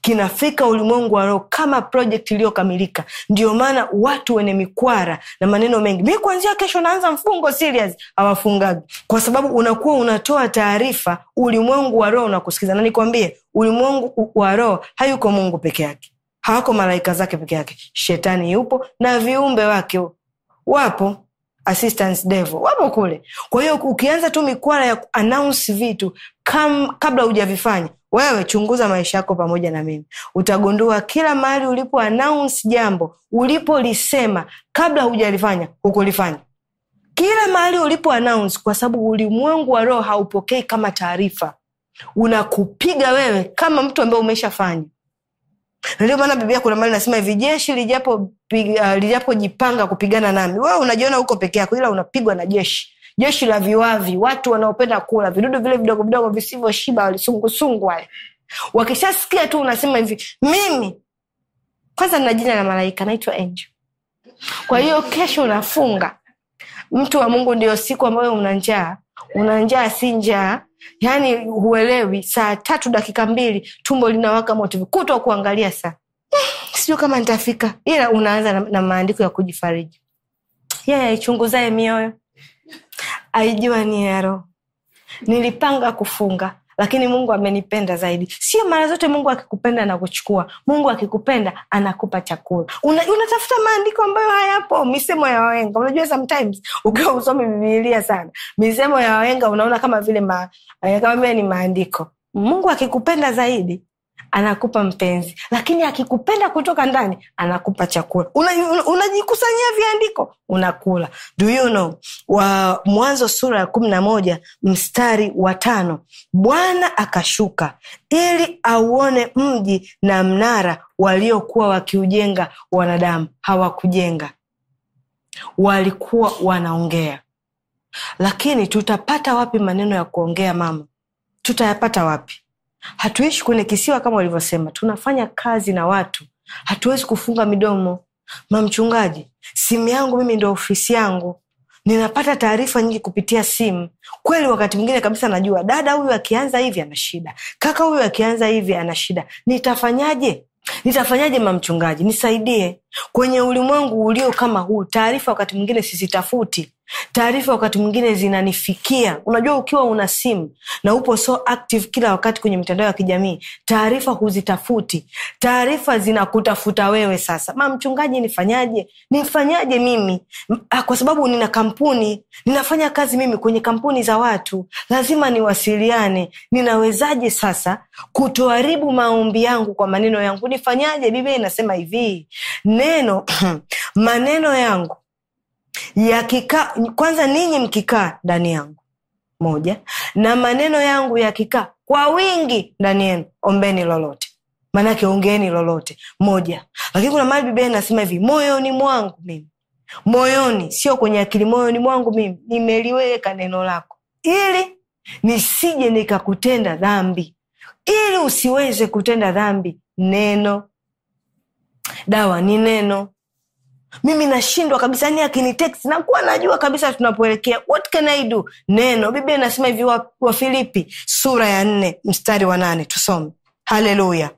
kinafika ulimwengu wa roho kama projekt iliyokamilika. Ndio maana watu wenye mikwara na maneno mengi, mi kuanzia kesho naanza mfungo serious, hawafungagi kwa sababu unakuwa unatoa taarifa, ulimwengu wa roho unakusikiza. Na nikwambie ulimwengu wa roho hayuko Mungu peke yake hawako malaika zake peke yake, shetani yupo na viumbe wake wapo assistance devil wapo kule. Kwa hiyo ukianza tu mikwala ya kuanaunsi vitu kam, kabla hujavifanya wewe, chunguza maisha yako pamoja na mimi, utagundua kila mahali ulipo anaunsi jambo, ulipolisema kabla hujalifanya, hukulifanya kila mahali ulipo anaunsi, kwa sababu ulimwengu wa roho haupokei kama taarifa, unakupiga wewe kama mtu ambaye umeshafanya ndio maana biblia kuna mali nasema hivi jeshi lijapojipanga uh, kupigana nami wewe unajiona uko peke yako ila unapigwa na jeshi jeshi la viwavi watu wanaopenda kula vidudu vile vidogo vidogo visivyoshiba walisungusungu wale wakishasikia tu unasema hivi mimi kwanza nina jina la malaika naitwa angel kwa hiyo kesho unafunga mtu wa mungu ndio siku ambayo una njaa una njaa si njaa yaani huelewi, saa tatu dakika mbili tumbo linawaka moto, kutwa kuangalia saa eh, sijui kama nitafika, ila unaanza na, na maandiko ya kujifariji. Yeye yeah, aichunguzae mioyo aijua ni ya Roho. Nilipanga kufunga lakini Mungu amenipenda zaidi. Sio mara zote Mungu akikupenda na kuchukua. Mungu akikupenda anakupa chakula. Una, unatafuta maandiko ambayo hayapo, misemo ya wahenga. Unajua sometimes ukiwa usomi Biblia sana, misemo ya wahenga unaona kama vile ma, eh, kama vile ni maandiko. Mungu akikupenda zaidi anakupa mpenzi, lakini akikupenda kutoka ndani anakupa chakula. Unajikusanyia una, una viandiko unakula. Do you know? wa Mwanzo sura ya kumi na moja mstari wa tano Bwana akashuka ili auone mji na mnara waliokuwa wakiujenga wanadamu. Hawakujenga, walikuwa wanaongea. Lakini tutapata wapi maneno ya kuongea mama? Tutayapata wapi? Hatuishi kwenye kisiwa kama walivyosema tunafanya kazi na watu, hatuwezi kufunga midomo. Mamchungaji, simu yangu mimi ndo ofisi yangu, ninapata taarifa nyingi kupitia simu. Kweli wakati mwingine kabisa najua dada huyu akianza hivi ana shida, kaka huyu akianza hivi ana shida, nitafanyaje? Nitafanyaje mamchungaji, nisaidie. Kwenye ulimwengu ulio kama huu, taarifa wakati mwingine sizitafuti, taarifa wakati mwingine zinanifikia. Unajua, ukiwa una simu na upo so active kila wakati kwenye mitandao ya kijamii, taarifa huzitafuti, taarifa zinakutafuta wewe. Sasa ma mchungaji, nifanyaje? Nifanyaje mimi ah, kwa sababu nina kampuni, ninafanya kazi mimi kwenye kampuni za watu, lazima niwasiliane. Ninawezaje sasa kutoharibu maombi yangu kwa maneno yangu? Nifanyaje? Biblia inasema hivi neno maneno yangu yakikaa kwanza ninyi mkikaa ndani yangu moja na maneno yangu yakikaa kwa wingi ndani yenu ombeni lolote maanake ongeeni lolote moja lakini kuna mali bibia nasema hivi moyoni mwangu mimi moyoni sio kwenye akili moyoni mwangu mimi nimeliweka neno lako ili nisije nikakutenda dhambi ili usiweze kutenda dhambi neno dawa ni neno mimi nashindwa kabisa akini akinitext nakuwa najua kabisa tunapoelekea what can i do neno biblia inasema hivi wafilipi wa, sura ya nne mstari wa nane tusome haleluya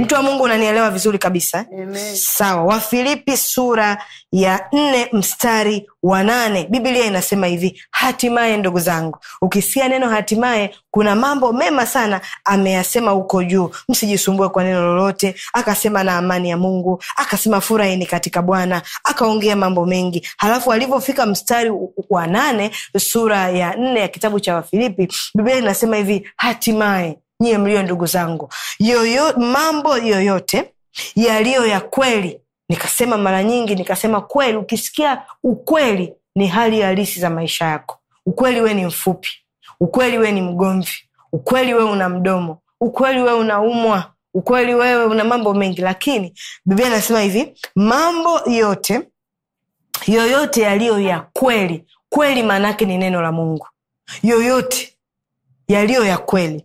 mtu wa mungu unanielewa vizuri kabisa Amen. sawa wafilipi sura ya nne mstari wa nane biblia inasema hivi hatimaye ndugu zangu ukisikia neno hatimaye kuna mambo mema sana ameyasema huko juu msijisumbue kwa neno lolote akasema na amani ya mungu akasema furahini katika bwana akaongea mambo mengi halafu alivyofika mstari wa nane sura ya nne ya kitabu cha wafilipi biblia inasema hivi hatimaye nyie mlio ndugu zangu yoyo, mambo yoyote yaliyo ya kweli nikasema mara nyingi nikasema kweli ukisikia ukweli ni hali halisi za maisha yako ukweli we ni mfupi ukweli we ni mgomvi ukweli wewe una mdomo ukweli una unaumwa ukweli wewe una mambo mengi lakini biblia anasema hivi mambo yote yoyote yaliyo ya kweli kweli maanaake ni neno la mungu yoyote yaliyo ya kweli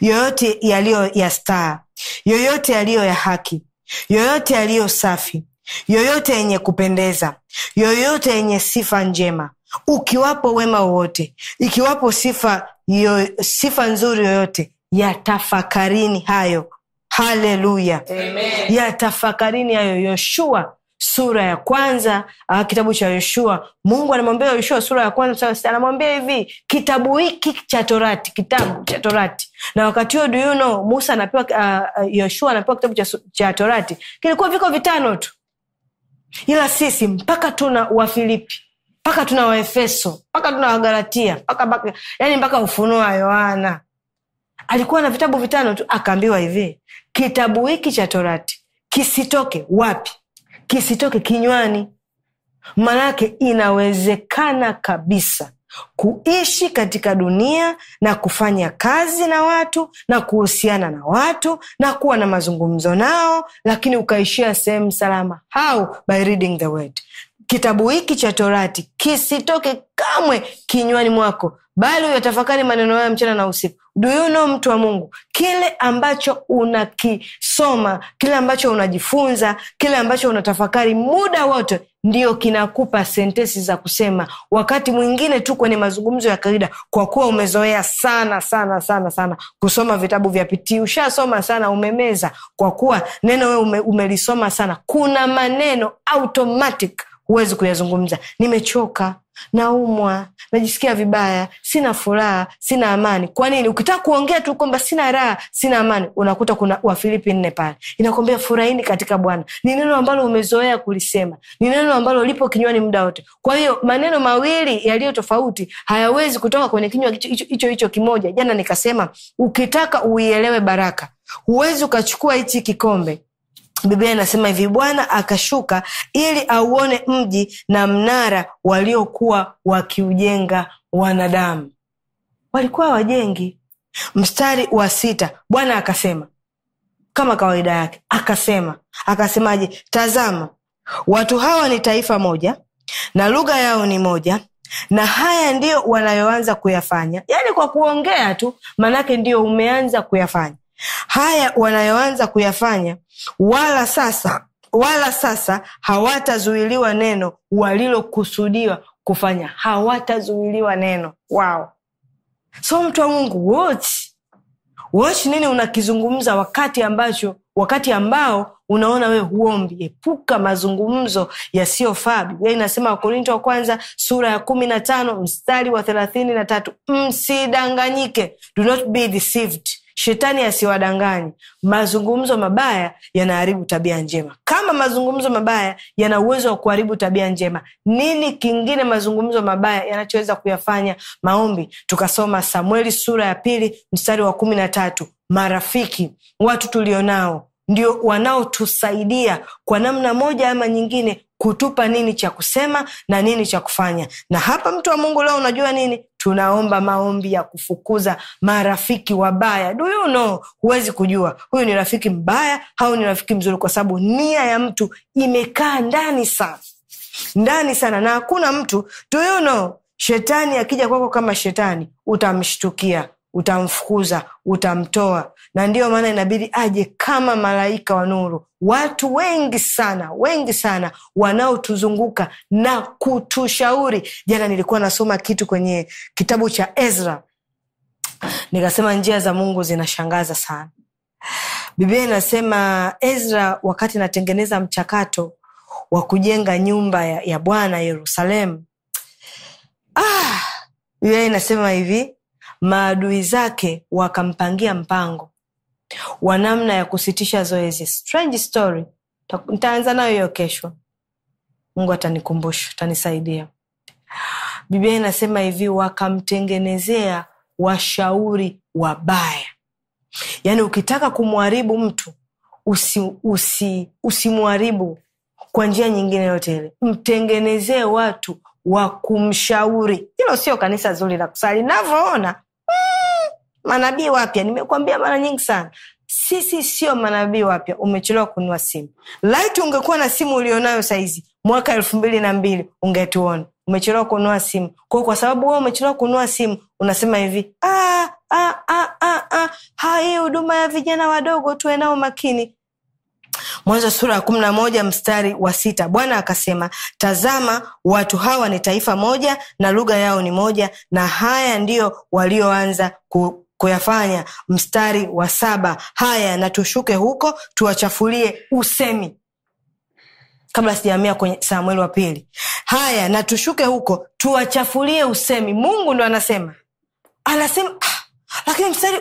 yoyote yaliyo ya staa yoyote yaliyo ya haki, yoyote yaliyo safi, yoyote yenye kupendeza, yoyote yenye sifa njema, ukiwapo wema wowote, ikiwapo sifa yoy, sifa nzuri yoyote, yatafakarini hayo. Haleluya, yatafakarini hayo. Yoshua sura ya kwanza uh, kitabu cha Yoshua. Mungu anamwambia Yoshua sura ya kwanza, anamwambia hivi kitabu hiki cha Torati, kitabu cha Torati. Na wakati huo do you know, Musa anapewa uh, Yoshua anapewa kitabu cha, cha Torati, kilikuwa viko vitano tu, ila sisi mpaka tuna Wafilipi mpaka tuna Waefeso mpaka tuna Wagalatia mpaka mpaka yani mpaka ufunua wa Yohana alikuwa na vitabu vitano tu, akaambiwa hivi kitabu hiki cha Torati kisitoke wapi? kisitoke kinywani maanake inawezekana kabisa kuishi katika dunia na kufanya kazi na watu na kuhusiana na watu na kuwa na mazungumzo nao lakini ukaishia sehemu salama how by reading the word kitabu hiki cha torati kisitoke kamwe kinywani mwako bali uyatafakari maneno yayo mchana na usiku do you know mtu wa mungu kile ambacho unakisoma kile ambacho unajifunza kile ambacho unatafakari muda wote ndio kinakupa sentesi za kusema wakati mwingine tu kwenye mazungumzo ya kawaida kwa kuwa umezoea sana sana sana sana kusoma vitabu vya pitii ushasoma sana umemeza kwa kuwa neno wee ume, umelisoma sana kuna maneno automatic huwezi kuyazungumza. Nimechoka, naumwa, najisikia vibaya, sina furaha, sina amani. Kwa nini? Ukitaka kuongea tu kwamba sina raha, sina amani, unakuta kuna Wafilipi nne pale inakwambia furahini katika Bwana. Ni neno ambalo umezoea kulisema, ni neno ambalo lipo kinywani muda wote. Kwa hiyo maneno mawili yaliyo tofauti hayawezi kutoka kwenye kinywa hicho hicho kimoja. Jana nikasema ukitaka uielewe baraka, huwezi ukachukua hichi kikombe Biblia inasema hivi, Bwana akashuka ili auone mji na mnara waliokuwa wakiujenga wanadamu. Walikuwa wajengi. Mstari wa sita, Bwana akasema kama kawaida yake, akasema akasemaje? Tazama, watu hawa ni taifa moja na lugha yao ni moja na haya ndiyo wanayoanza kuyafanya. Yaani kwa kuongea tu, maanake ndio umeanza kuyafanya haya wanayoanza kuyafanya, wala sasa wala sasa hawatazuiliwa neno walilokusudiwa kufanya, hawatazuiliwa neno wao. So mtu wa Mungu, watch watch nini unakizungumza wakati ambacho wakati ambao unaona wewe huombi. Epuka mazungumzo yasiyofaa. Biblia inasema Wakorinto wa kwanza sura ya kumi na tano mstari wa thelathini na tatu msidanganyike, do not be deceived Shetani asiwadanganye, mazungumzo mabaya yanaharibu tabia njema. Kama mazungumzo mabaya yana uwezo wa kuharibu tabia njema, nini kingine mazungumzo mabaya yanachoweza kuyafanya? Maombi, tukasoma Samueli sura ya pili mstari wa kumi na tatu. Marafiki, watu tulionao ndio wanaotusaidia kwa namna moja ama nyingine kutupa nini cha kusema na nini cha kufanya na hapa mtu wa mungu leo unajua nini tunaomba maombi ya kufukuza marafiki wabaya do you know huwezi kujua huyu ni rafiki mbaya au ni rafiki mzuri kwa sababu nia ya mtu imekaa ndani sana ndani sana na hakuna mtu do you know shetani akija kwako kama shetani utamshtukia utamfukuza utamtoa na ndiyo maana inabidi aje kama malaika wa nuru. Watu wengi sana, wengi sana wanaotuzunguka na kutushauri. Jana nilikuwa nasoma kitu kwenye kitabu cha Ezra nikasema njia za Mungu zinashangaza sana. Biblia inasema Ezra wakati natengeneza mchakato wa kujenga nyumba ya, ya Bwana Yerusalemu, ah, Biblia inasema hivi maadui zake wakampangia mpango wa namna ya kusitisha zoezi. Strange story, nitaanza nayo hiyo kesho. Mungu atanikumbusha, atanisaidia. Biblia inasema hivi, wakamtengenezea washauri wabaya. Yaani ukitaka kumwharibu mtu usi, usi, kwa njia nyingine yote ile, mtengenezee watu wa kumshauri. Hilo sio kanisa zuri la kusali, navyoona mm manabii wapya nimekuambia mara nyingi sana sisi sio manabii wapya umechelewa kunua simu lit ungekuwa na simu ulionayo saizi mwaka elfu mbili na mbili ungetuona umechelewa kunua simu kwao kwa sababu we umechelewa kunua simu unasema hivi ah, ah, ah, hii huduma ya vijana wadogo tuwe nao makini mwanzo sura ya kumi na moja mstari wa sita bwana akasema tazama watu hawa ni taifa moja na lugha yao ni moja na haya ndiyo walioanza kuyafanya. Mstari wa saba, haya na tushuke huko tuwachafulie usemi kabla sijaamia kwenye Samueli wa pili. Haya na tushuke huko tuwachafulie usemi. Mungu ndo anasema anasema ah, lakini mstari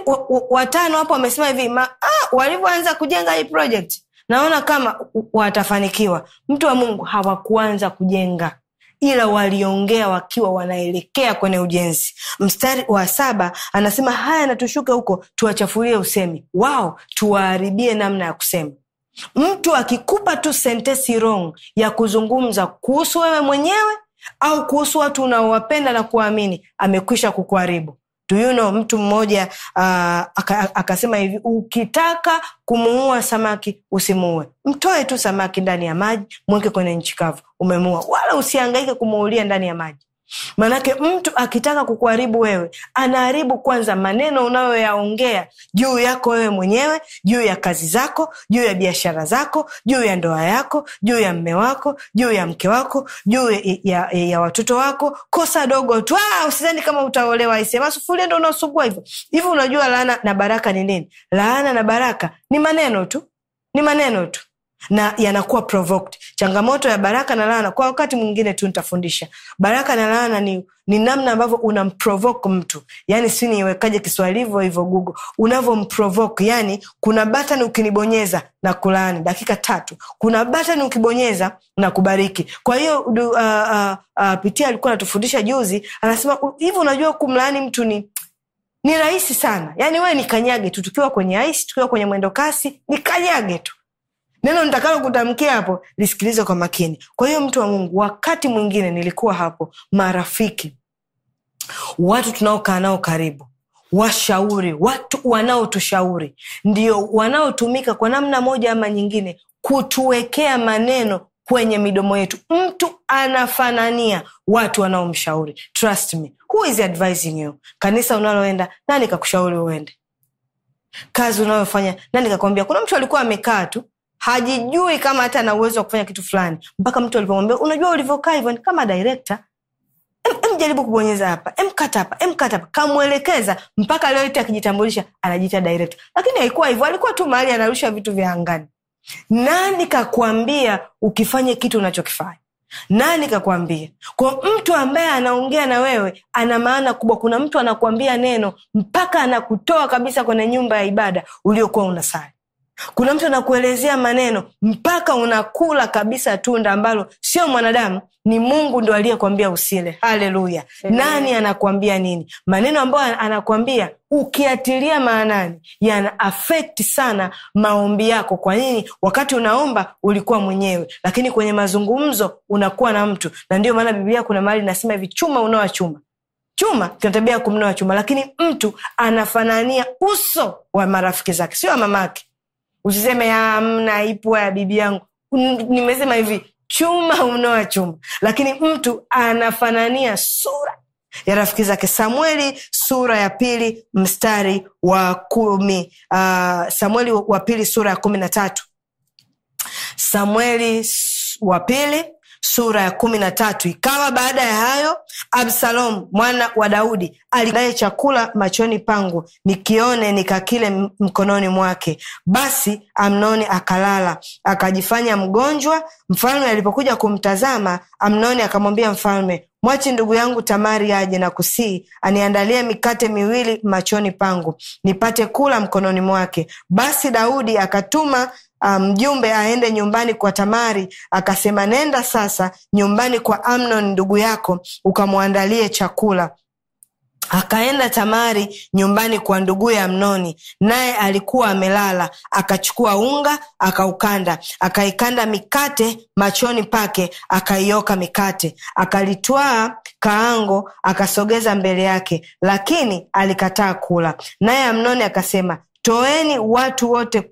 watano hapo wamesema hivi ah, walivyoanza kujenga hii project naona kama watafanikiwa. Mtu wa Mungu hawakuanza kujenga, ila waliongea wakiwa wanaelekea kwenye ujenzi. Mstari wa saba anasema haya, natushuke huko tuwachafulie usemi wao, tuwaharibie namna ya kusema. Mtu akikupa tu sentesi wrong ya kuzungumza kuhusu wewe mwenyewe au kuhusu watu unaowapenda na kuwaamini, amekwisha kukuharibu do you know, mtu mmoja uh, akasema hivi, ukitaka kumuua samaki usimuue, mtoe tu samaki ndani ya maji, mweke kwenye nchi kavu, umemuua. Wala usiangaike kumuulia ndani ya maji maanake mtu akitaka kukuharibu wewe anaharibu kwanza maneno unayoyaongea juu yako wewe mwenyewe juu ya kazi zako juu ya biashara zako juu ya ndoa yako juu ya mme wako juu ya mke wako juu ya, ya, ya watoto wako kosa dogo tu ah, usizani kama utaolewa isema sufuria ndo unaosugua hivyo hivo unajua laana na baraka ni nini laana na baraka ni maneno tu ni maneno tu na yanakuwa provoked. Changamoto ya baraka na laana, kwa wakati mwingine tu nitafundisha baraka na laana ni, ni namna ambavyo unamprovoke mtu, yani si niwekaje Kiswahili hivyo hivyo Google, unavyomprovoke yani, kuna batani ukinibonyeza na kulaani dakika tatu, kuna batani ukibonyeza na kubariki. Kwa hiyo uh, uh, uh, Pitia alikuwa anatufundisha juzi, anasema hivo uh, unajua kumlaani mtu ni ni rahisi sana, yani wewe nikanyage tu, tukiwa kwenye aisi, tukiwa kwenye mwendo kasi, nikanyage tu neno nitakalo kutamkia hapo lisikilize kwa makini kwa hiyo mtu wa mungu wakati mwingine nilikuwa hapo marafiki watu tunaokaa nao karibu washauri watu wanaotushauri ndio wanaotumika kwa namna moja ama nyingine kutuwekea maneno kwenye midomo yetu mtu anafanania watu wanaomshauri trust me who is advising you kanisa unaloenda nani kakushauri uende kazi unayofanya nani kakwambia kuna mtu alikuwa amekaa tu hajijui kama hata ana uwezo wa kufanya kitu fulani mpaka mtu alivyomwambia unajua ulivyokaa hivyo kama direkta jaribu kubonyeza hapa mkata hapa mkata hapa kamwelekeza mpaka leo ite akijitambulisha anajiita direkta lakini haikuwa hivyo alikuwa tu mahali anarusha vitu vya angani nani kakwambia ukifanye kitu unachokifanya nani kakwambia kwa mtu ambaye anaongea na wewe ana maana kubwa kuna mtu anakuambia neno mpaka anakutoa kabisa kwenye nyumba ya ibada uliokuwa unasali kuna mtu anakuelezea maneno mpaka unakula kabisa tunda ambalo sio mwanadamu ni mungu ndo aliyekwambia usile haleluya nani anakwambia nini maneno ambayo anakwambia ukiatilia maanani yana afekti sana maombi yako kwa nini wakati unaomba ulikuwa mwenyewe lakini kwenye mazungumzo unakuwa na mtu na ndio maana biblia kuna mahali inasema hivi chuma unoa chuma chuma kinatabia ya kumnoa chuma lakini mtu anafanania uso wa marafiki zake sio wa mamake usiseme ah, amna ipwa ya bibi yangu nimesema hivi chuma unoa chuma lakini mtu anafanania sura ya rafiki zake samueli sura ya pili mstari wa kumi uh, samueli wa pili sura ya kumi na tatu samueli wa pili sura ya kumi na tatu ikawa baada ya hayo absalom mwana wa daudi alinaye chakula machoni pangu nikione nikakile mkononi mwake basi amnoni akalala akajifanya mgonjwa mfalme alipokuja kumtazama amnoni akamwambia mfalme mwachi ndugu yangu tamari aje na kusii aniandalie mikate miwili machoni pangu nipate kula mkononi mwake basi daudi akatuma mjumbe um, aende nyumbani kwa Tamari, akasema nenda sasa nyumbani kwa Amnon ndugu yako ukamwandalie chakula. Akaenda Tamari nyumbani kwa nduguye Amnoni, naye alikuwa amelala. Akachukua unga akaukanda, akaikanda mikate machoni pake, akaioka mikate. Akalitwaa kaango akasogeza mbele yake, lakini alikataa kula. Naye Amnoni akasema, toeni watu wote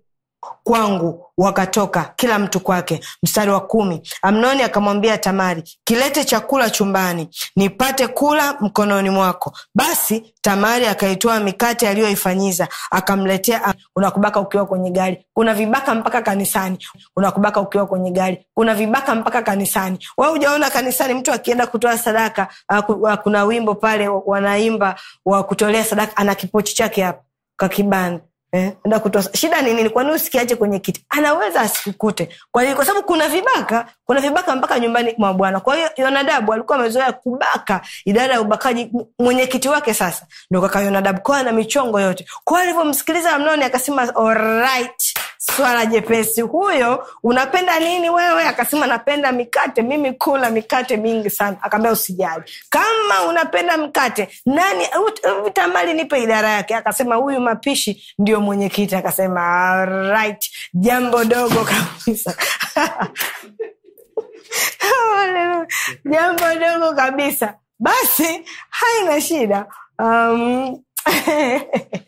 kwangu wakatoka kila mtu kwake mstari wa kumi amnoni akamwambia tamari kilete chakula chumbani nipate kula mkononi mwako basi tamari akaitoa mikate aliyoifanyiza akamletea unakubaka ukiwa kwenye gari kuna vibaka mpaka kanisani unakubaka ukiwa kwenye gari kuna vibaka mpaka kanisani we ujaona kanisani mtu akienda kutoa sadaka kuna wimbo pale wanaimba wa kutolea sadaka ana kipochi chake hapa kakibanda Eh, kutoa shida ni nini? Kwani usikiache kwenye kiti? Anaweza asikukute kwa hiyo, kwa sababu kuna vibaka, kuna vibaka mpaka nyumbani mwa bwana. Kwa hiyo Yonadabu alikuwa amezoea kubaka idara ya ubakaji. Mwenyekiti wake sasa ndo kaka Yonadabu, kwa na michongo yote. Kwa alivyomsikiliza Amnoni akasema alright, swala jepesi. Huyo unapenda nini wewe? Akasema napenda mikate, mimi kula mikate mingi sana. Akaambia usijali, kama unapenda mkate, nani utamali, nipe idara yake. Akasema huyu mapishi ndio huyo mwenyekiti akasema right, jambo dogo kabisa jambo dogo kabisa, basi haina shida um,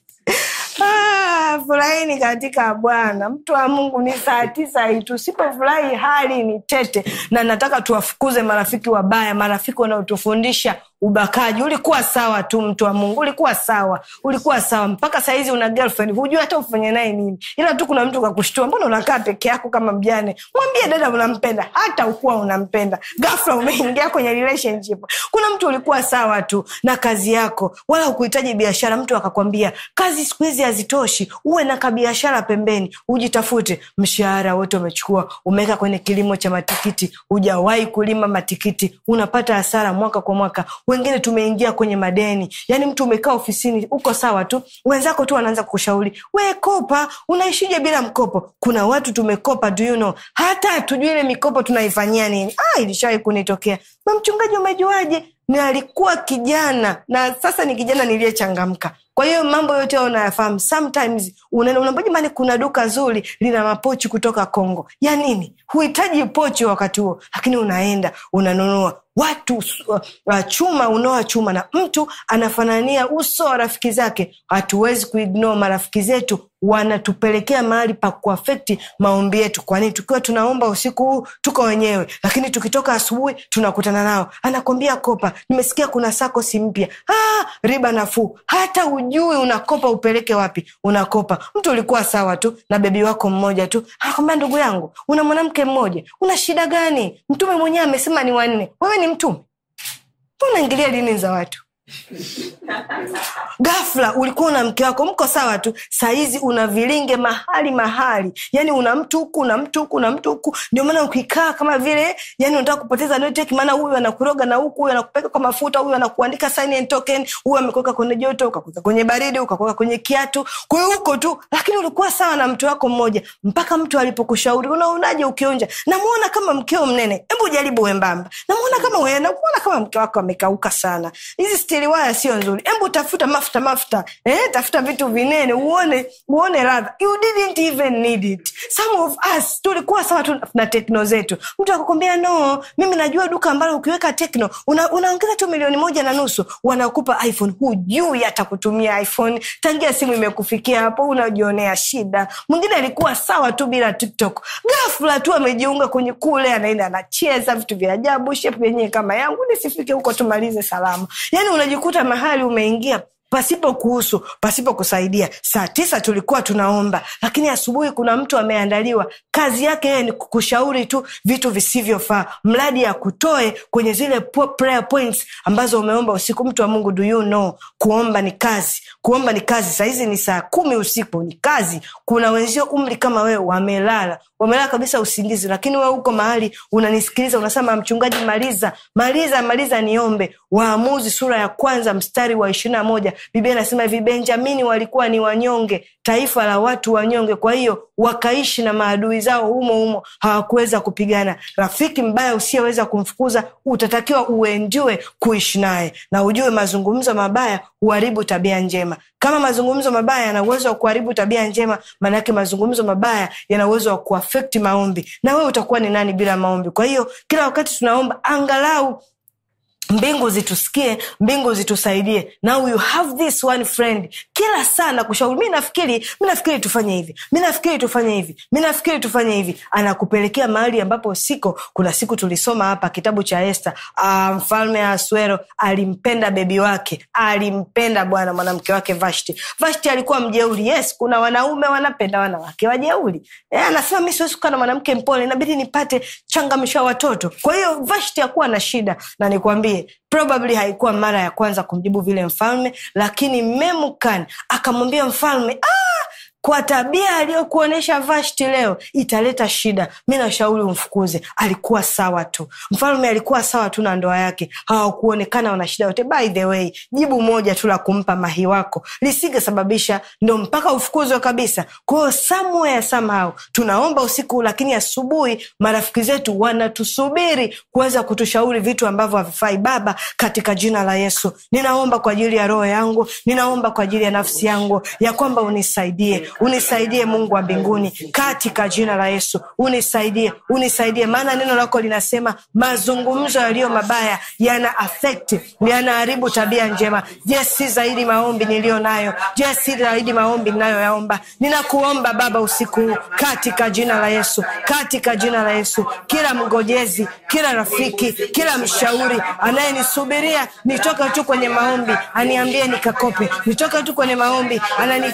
Ah, furahini katika Bwana. Mtu wa Mungu, ni saa tisa hii. Tusipofurahi hali ni tete, na nataka tuwafukuze marafiki wabaya, marafiki wanaotufundisha ubakaji ulikuwa sawa tu mtu wa mungu ulikuwa sawa ulikuwa sawa mpaka sahizi una girlfriend hujui hata ufanye naye nini ila tu kuna mtu kakushtua mbona unakaa peke yako kama mjane mwambie dada unampenda hata ukuwa unampenda gafla umeingia kwenye relationship kuna mtu ulikuwa sawa tu na kazi yako wala ukuhitaji biashara mtu akakwambia kazi siku hizi hazitoshi uwe na kabiashara pembeni ujitafute mshahara wote umechukua umeweka kwenye kilimo cha matikiti hujawahi kulima matikiti unapata hasara mwaka kwa mwaka wengine tumeingia kwenye madeni yani mtu umekaa ofisini uko sawa tu wenzako tu wanaanza kushauli wekopa unaishija unaishije bila mkopo kuna watu tumekopa do you know hata tujui ile mikopo tunaifanyia nini ah, ilishawai kunitokea mchungaji umejuaje na alikuwa kijana na sasa ni kijana niliyechangamka kwa hiyo mambo yote ao unayafahamu. Sometimes unaona jamani, kuna duka zuri lina mapochi kutoka Kongo ya nini? Huhitaji pochi wakati huo, lakini unaenda unanunua watu uh, chuma unoa chuma, na mtu anafanania uso wa rafiki zake. Hatuwezi kuignoa marafiki zetu wanatupelekea mahali pa kuafekti maombi yetu. kwanini tukiwa tunaomba usiku huu tuko wenyewe, lakini tukitoka asubuhi tunakutana nao, anakwambia kopa, nimesikia kuna sakosi mpya, ah, riba nafuu. Hata ujui unakopa upeleke wapi, unakopa. Mtu ulikuwa sawa tu na bebi wako mmoja tu, anakwambia ndugu yangu, una mwanamke mmoja, una shida gani? Mtume mwenyewe amesema ni wanne, wewe ni mtume, unaingilia dini za watu? gafla ulikuwa na mke wako mko sawa tu sahizi una vilinge mahali mahali yani una mtu huku na mtu huku na mtu huku ndio maana ukikaa kama vile yani unataka kupoteza network maana huyu anakuroga na huku huyu anakupeka kwa mafuta huyu anakuandika sign and token huyu amekuweka kwenye joto ukakuweka kwenye baridi ukakuweka kwenye kiatu kwa hiyo huko tu lakini ulikuwa sawa na mtu wako mmoja mpaka mtu alipokushauri unaonaje ukionja namuona kama mkeo mnene hebu jaribu wembamba namuona kama we namuona kama mke wako amekauka sana hizi stili waya sio nzuri hebu tafuta mafuta mafuta eh, tafuta vitu vinene uone uone radha you didn't even need it some of us tulikuwa sawa tu na tekno zetu mtu akakwambia no mimi najua duka ambalo ukiweka tekno unaongeza una tu milioni moja na nusu wanakupa iphone hujui hata kutumia iphone tangia simu imekufikia hapo unajionea shida mwingine alikuwa sawa tu bila tiktok gafla tu amejiunga kwenye kule anaenda anacheza vitu vya ajabu shep yenyewe kama yangu nisifike huko tumalize salama yani unajikuta mahali umeingia pasipo kuhusu pasipo kusaidia. Saa tisa tulikuwa tunaomba, lakini asubuhi kuna mtu ameandaliwa, kazi yake yeye ni kushauri tu vitu visivyofaa, mradi ya kutoe kwenye zile prayer points ambazo umeomba usiku. Mtu wa Mungu, do you know, kuomba ni kazi, kuomba ni kazi. Sahizi ni saa kumi usiku, ni kazi. Kuna wenzio umri kama wewe wamelala, wamelala kabisa usingizi, lakini wewe uko mahali unanisikiliza, unasema mchungaji, maliza maliza maliza, niombe. Waamuzi sura ya kwanza mstari wa ishirini na moja Biblia inasema hivi, Benjamini walikuwa ni wanyonge, taifa la watu wanyonge. Kwa hiyo wakaishi na maadui zao humo humo, hawakuweza kupigana. Rafiki mbaya usiyeweza kumfukuza, utatakiwa uenjue kuishi naye, na ujue mazungumzo mabaya huharibu tabia njema. Kama mazungumzo mabaya yana uwezo wa kuharibu tabia njema, maanake mazungumzo mabaya yana uwezo wa kuafekti maombi, na wewe utakuwa ni nani bila maombi? Kwa hiyo kila wakati tunaomba angalau mbingu zitusikie mbingu zitusaidie now you have this one friend kila saa nakushauri mi nafikiri mi nafikiri tufanye hivi mi nafikiri tufanye hivi mi nafikiri tufanye hivi anakupelekea mahali ambapo siko kuna siku tulisoma hapa kitabu cha este uh, ah, mfalme aswero alimpenda bebi wake alimpenda bwana mwanamke wake vashti vashti alikuwa mjeuri yes kuna wanaume wanapenda wanawake wajeuri e, anasema mi siwezi kukaa na mwanamke mpole inabidi nipate changamsho ya watoto kwa hiyo vashti akuwa na shida na nikuambie Probably haikuwa mara ya kwanza kumjibu vile mfalme, lakini Memukan akamwambia mfalme ah, kwa tabia aliyokuonyesha Vashti leo italeta shida, mi nashauri umfukuze. Alikuwa sawa tu, mfalme alikuwa sawa tu na ndoa yake, hawakuonekana wana shida yote. By the way, jibu moja tu la kumpa mahi wako lisingesababisha ndo mpaka ufukuzwe kabisa. Kwao hiyo somewhere somehow tunaomba usiku, lakini asubuhi marafiki zetu wanatusubiri kuweza kutushauri vitu ambavyo havifai. Baba, katika jina la Yesu ninaomba kwa ajili ya roho yangu, ninaomba kwa ajili ya nafsi yangu ya kwamba unisaidie unisaidie mungu wa mbinguni katika jina la yesu unisaidie unisaidie maana neno lako linasema mazungumzo yaliyo mabaya yana afekti yanaharibu tabia njema je si zaidi maombi niliyo nayo je si zaidi maombi ninayoyaomba ninakuomba baba usiku huu katika jina la yesu katika jina la yesu kila mgojezi kila rafiki kila mshauri anayenisubiria nitoka tu kwenye maombi aniambie nikakope nitoke tu kwenye maombi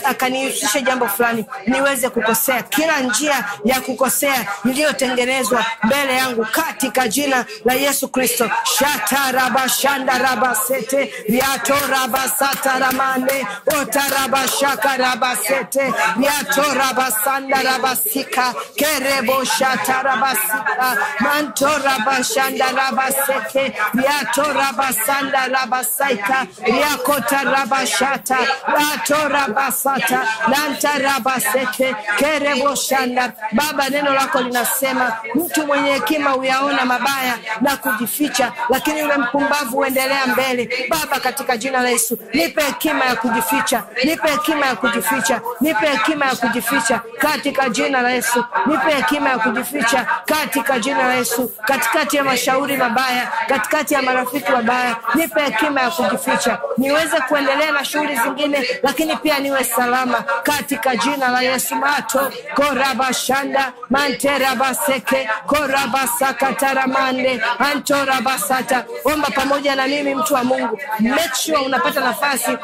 akaniusishe jambo fulani niweze kukosea, kila njia ya kukosea iliyotengenezwa mbele yangu katika jina la Yesu Kristo. shatarabashandarabasete viatorabasataramande otarabashakarabasete viatorabasandarabasika kereboshatarabasika mantorabashandarabasete viatorabasandarabasika riakotarabashata latorabasata lanta Baba, neno lako linasema mtu mwenye hekima huyaona mabaya na kujificha, lakini yule mpumbavu huendelea mbele. Baba, katika jina la Yesu, nipe hekima ya kujificha, nipe hekima ya kujificha, nipe hekima ya kujificha katika jina la Yesu, nipe hekima ya kujificha katika jina la Yesu, katikati ya mashauri mabaya, katikati ya marafiki wabaya, nipe hekima ya kujificha, niweze kuendelea na shughuli zingine, lakini pia niwe salama katika katika jina la Yesu mato korabashanda manterabaseke korabasakataramande antorabasata. Omba pamoja na mimi, mtu wa Mungu, make sure unapata nafasi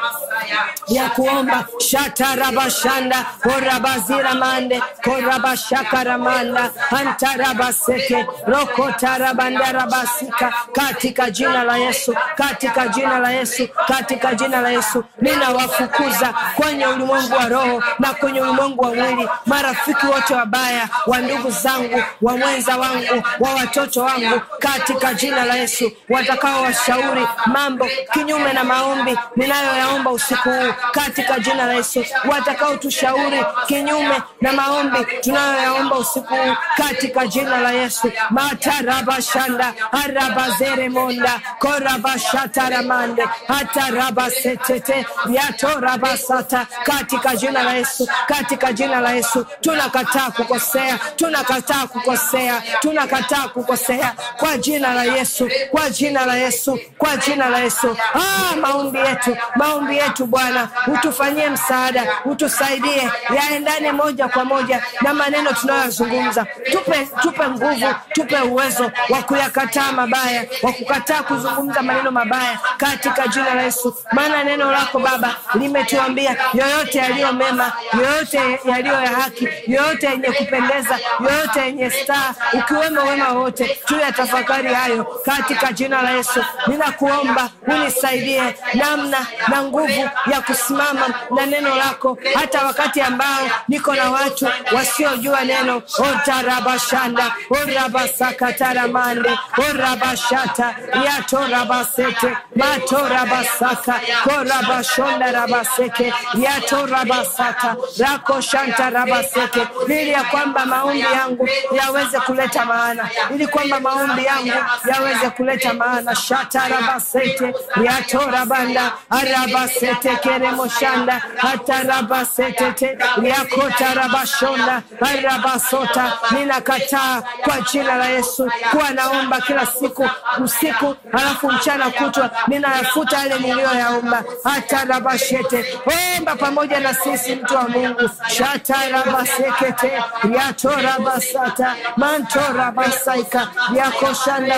ya kuomba shatarabashanda korabaziramande korabashakaramanda antarabaseke rokotarabandarabasika katika jina la Yesu, katika jina la Yesu, katika jina la Yesu, ninawafukuza kwenye ulimwengu wa roho na kwenye ulimwengu wa mwili, marafiki wote wabaya, wa ndugu zangu, wa mwenza wangu, wa watoto wangu, katika jina la Yesu, watakao washauri mambo kinyume na maombi ninayoyaomba usiku huu, katika jina la Yesu, watakao tushauri kinyume na maombi tunayoyaomba usiku huu, katika jina la Yesu matarabashanda arabazeremonda korabashataramande hatarabasete yatorabasata katika jina la Yesu. Yesu, katika jina la Yesu. Tunakataa kukosea, tunakataa kukosea, tunakataa kukosea kwa jina la Yesu, kwa jina la Yesu, kwa jina la Yesu. Ah, maombi yetu, maombi yetu Bwana, utufanyie msaada, utusaidie yaendane moja kwa moja na maneno tunayozungumza. Tupe, tupe nguvu, tupe uwezo wa kuyakataa mabaya, wa kukataa kuzungumza maneno mabaya katika jina la Yesu, maana neno lako Baba limetuambia yoyote yaliyo mema yoyote yaliyo ya haki, yoyote yenye kupendeza, yoyote yenye staa ukiwemo wema wote. Tuya tafakari hayo katika jina la Yesu. Ninakuomba unisaidie namna na nguvu ya kusimama na neno lako, hata wakati ambao niko na watu wasiojua neno. otarabashanda orabasakataramande orabashata yatorabasete matorabasaka korabashonda rabaseke yatorabasata Baba rako shanta rabaseke, ili ya kwamba maombi yangu yaweze kuleta maana, ili kwamba maombi yangu yaweze kuleta maana. shata rabasete yatorabanda arabasete keremoshanda hatarabasete yakotarabashonda arabasota. Ninakataa kwa jina la Yesu kuwa naomba kila siku usiku, halafu mchana kutwa ninayafuta yale niliyoyaomba. hatarabashete omba pamoja na sisi mtu wa Mungu shata wa Mungu shataramasekete yatorabasata mantorabasaika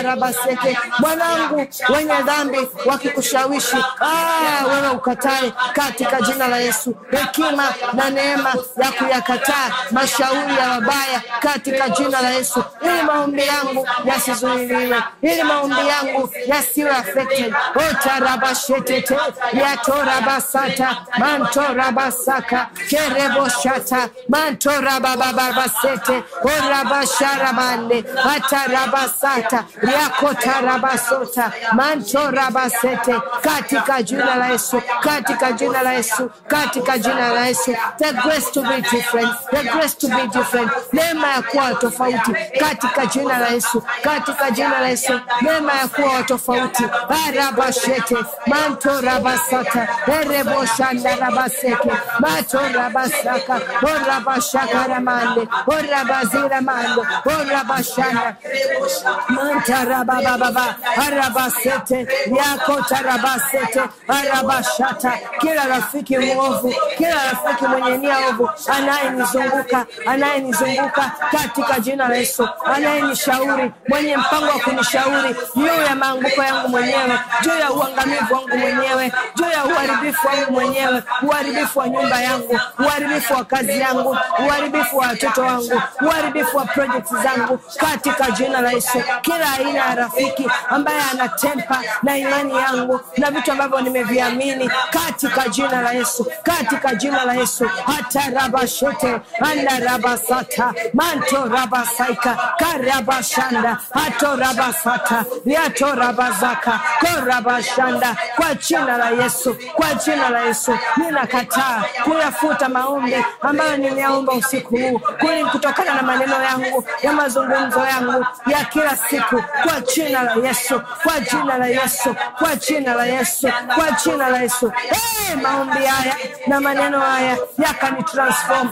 rabaseke mwanangu wenye dhambi wakikushawishi ah, wewe ukatae katika jina la Yesu hekima na neema ya kuyakataa mashauri ya mabaya katika jina la Yesu ili maombi yangu yasizuiliwe ili maombi yangu yasiwe affected otarabashetete yatorabasata mantorabasaka Kereboshata, Mantora Baba Babasete, Orabasharamande, Atarabasata, Yakota Rabasota, Mantora Basete, Katika Juna Laesu, Katika Juna Laesu, Katika Juna Laesu, the grace to be different, the grace to be different, neema ya kuwa tofauti, katika jina la Yesu, katika jina la Yesu, neema ya kuwa tofauti, Arabashete, Mantora Basata, Ereboshanda Rabaseke, Matora Rabasaka, ramande Mande, Rabazira Mando, rababa baba Arabasete, yako tarabasete Arabashata, kila rafiki mwovu, kila rafiki mwenye nia ovu anayenizunguka, anayenizunguka katika jina la Yesu, anayenishauri, mwenye mpango wa kunishauri juu ya maanguko yangu mwenyewe, juu ya uangamivu wangu mwenyewe, juu ya uharibifu wangu mwenyewe, uharibifu wa nyumba yangu uharibifu wa kazi yangu, uharibifu wa watoto wangu, uharibifu wa projects zangu katika jina la Yesu. Kila aina ya rafiki ambaye anatempa na imani yangu na vitu ambavyo nimeviamini katika jina la Yesu, katika jina la Yesu, hata shote anda sata manto rabasaika karabashanda hato sata yato koraba shanda kwa jina la Yesu, kwa jina la Yesu ninakataa kuyafuta za maombi ambayo nimeyaomba usiku huu kweli, kutokana na maneno yangu ya mazungumzo yangu ya kila siku, kwa jina la Yesu, kwa jina la Yesu, kwa jina la Yesu, kwa jina la Yesu. Hey, maombi haya na maneno haya yakani yakani transform,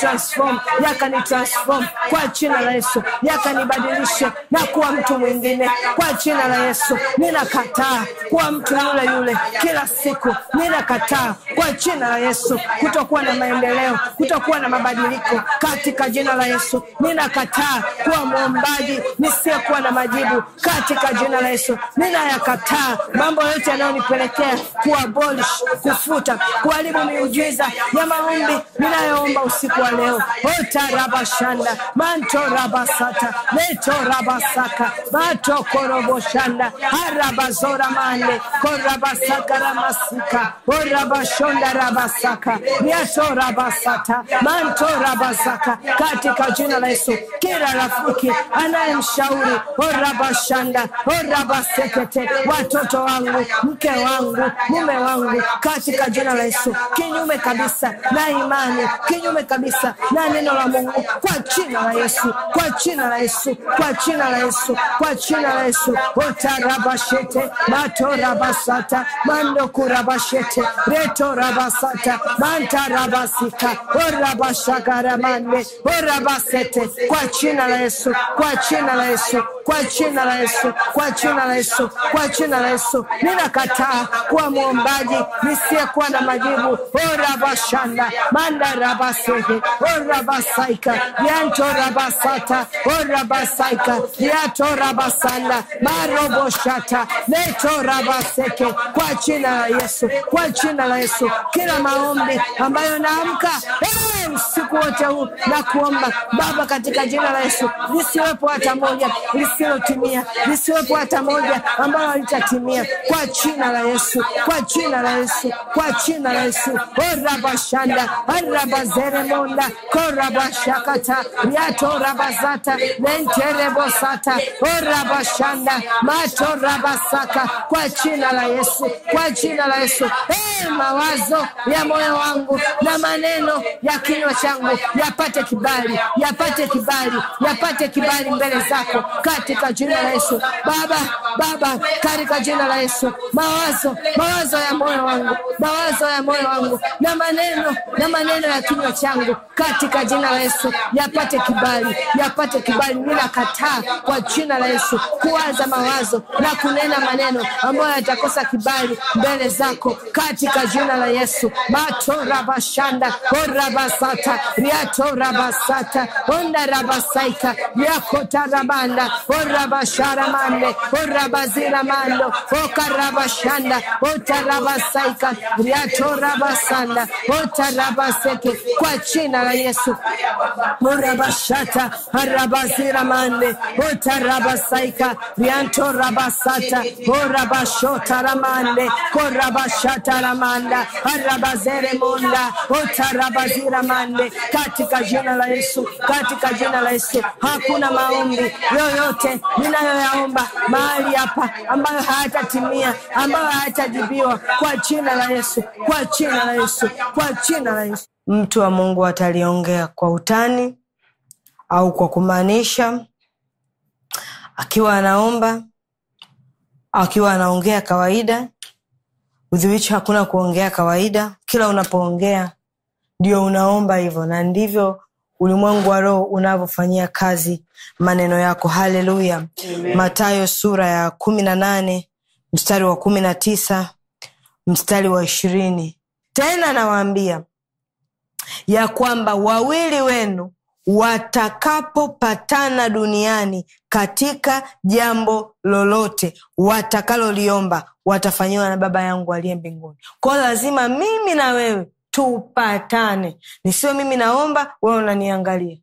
transform, yakani transform kwa jina la Yesu, yakanibadilishe na kuwa mtu mwingine kwa jina la Yesu. Ninakataa kuwa mtu yule yule kila siku, ninakataa kwa jina la Yesu kutoku kutakuwa na maendeleo, kutakuwa na mabadiliko katika jina la Yesu. Ninakataa kuwa mwombaji nisiyekuwa na majibu katika jina la Yesu. Ninayakataa mambo yote yanayonipelekea kuabolish, kufuta, kuharibu miujiza ya maombi ninayoomba usiku wa leo. rabashanda manto rabasata leto rabasaka bato koroboshanda harabazora mane korabasaka ramasika orabashonda rabasaka ni yatora basata mantora basaka katika jina la Yesu, kila rafiki anayemshauri orabashanda oh, orabasekete, oh, watoto wangu, mke wangu, mume wangu, katika jina la Yesu, kinyume kabisa na imani, kinyume kabisa na neno la Mungu, kwa jina la Yesu, kwa jina la Yesu, kwa jina la Yesu, kwa jina la Yesu, otarabashete matorabasata mandokurabashete retorabasata manta barabasika orabashagaramande orabasete kwa jina la Yesu, kwa jina la Yesu, kwa jina la Yesu, kwa jina la Yesu, kwa jina la Yesu, ninakataa kuwa mwombaji nisiyekuwa na majibu. orabashanda mandarabasehe orabasaika yantorabasata orabasaika yatorabasanda maroboshata netorabaseke kwa jina la Yesu, kwa jina la Yesu, kila maombi ambayo naamka ewe usiku wote huu na kuomba Baba, katika jina la Yesu, lisiwepo hata moja lisilotimia, lisiwepo hata moja ambalo halitatimia kwa jina la Yesu, kwa jina la Yesu, kwa jina la Yesu. orabashanda oh, arabazeremonda korabashakata oh, riatorabazata nenterebosata orabashanda oh, matorabasaka kwa jina la Yesu, kwa jina la Yesu. Hey, eh, mawazo ya moyo wangu na maneno ya kinywa changu yapate kibali, yapate kibali, yapate kibali mbele zako katika jina la Yesu. Baba, Baba, katika jina la Yesu, mawazo mawazo ya moyo wangu, mawazo ya moyo wangu na maneno na maneno ya kinywa changu katika jina la Yesu yapate kibali, yapate kibali. Ninakataa kwa jina la Yesu kuwaza mawazo na kunena maneno ambayo yatakosa kibali mbele zako katika jina la Yesu matora rabashanda orabasata riato rabasata onda rabasaika riakota rabanda orabashara mande orabazira mando okarabashanda otarabasaika riato rabasanda otarabaseke kwa jina la Yesu orabashata arabazira mande otarabasaika rianto rabasata orabashota ramande korabashata ramanda arabazere munda otarabazira oh, utarabazira mande katika jina la Yesu, katika jina la Yesu. Hakuna maombi yoyote ninayoyaomba mahali hapa ambayo hayatatimia, ambayo hayatajibiwa kwa jina la Yesu, kwa jina la Yesu, kwa jina la Yesu. Mtu wa Mungu ataliongea kwa utani au kwa kumaanisha, akiwa anaomba, akiwa anaongea kawaida udhiwichi hakuna kuongea kawaida kila unapoongea ndio unaomba hivyo na ndivyo ulimwengu wa roho unavyofanyia kazi maneno yako haleluya matayo sura ya kumi na nane mstari wa kumi na tisa mstari wa ishirini tena nawaambia ya kwamba wawili wenu watakapopatana duniani katika jambo lolote watakaloliomba watafanyiwa na baba yangu aliye mbinguni kwao lazima mimi na wewe tupatane nisiwe mimi naomba wewe unaniangalia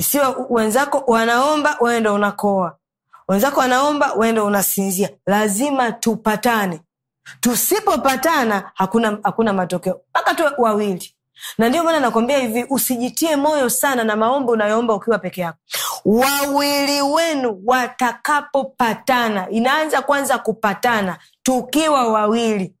siwe wenzako wanaomba wendo unakoa wenzako wanaomba wendo unasinzia lazima tupatane tusipopatana hakuna hakuna matokeo mpaka tu wawili na ndio maana nakwambia hivi usijitie moyo sana na maombi unayoomba ukiwa peke yako wawili wenu watakapopatana inaanza kwanza kupatana tukiwa wawili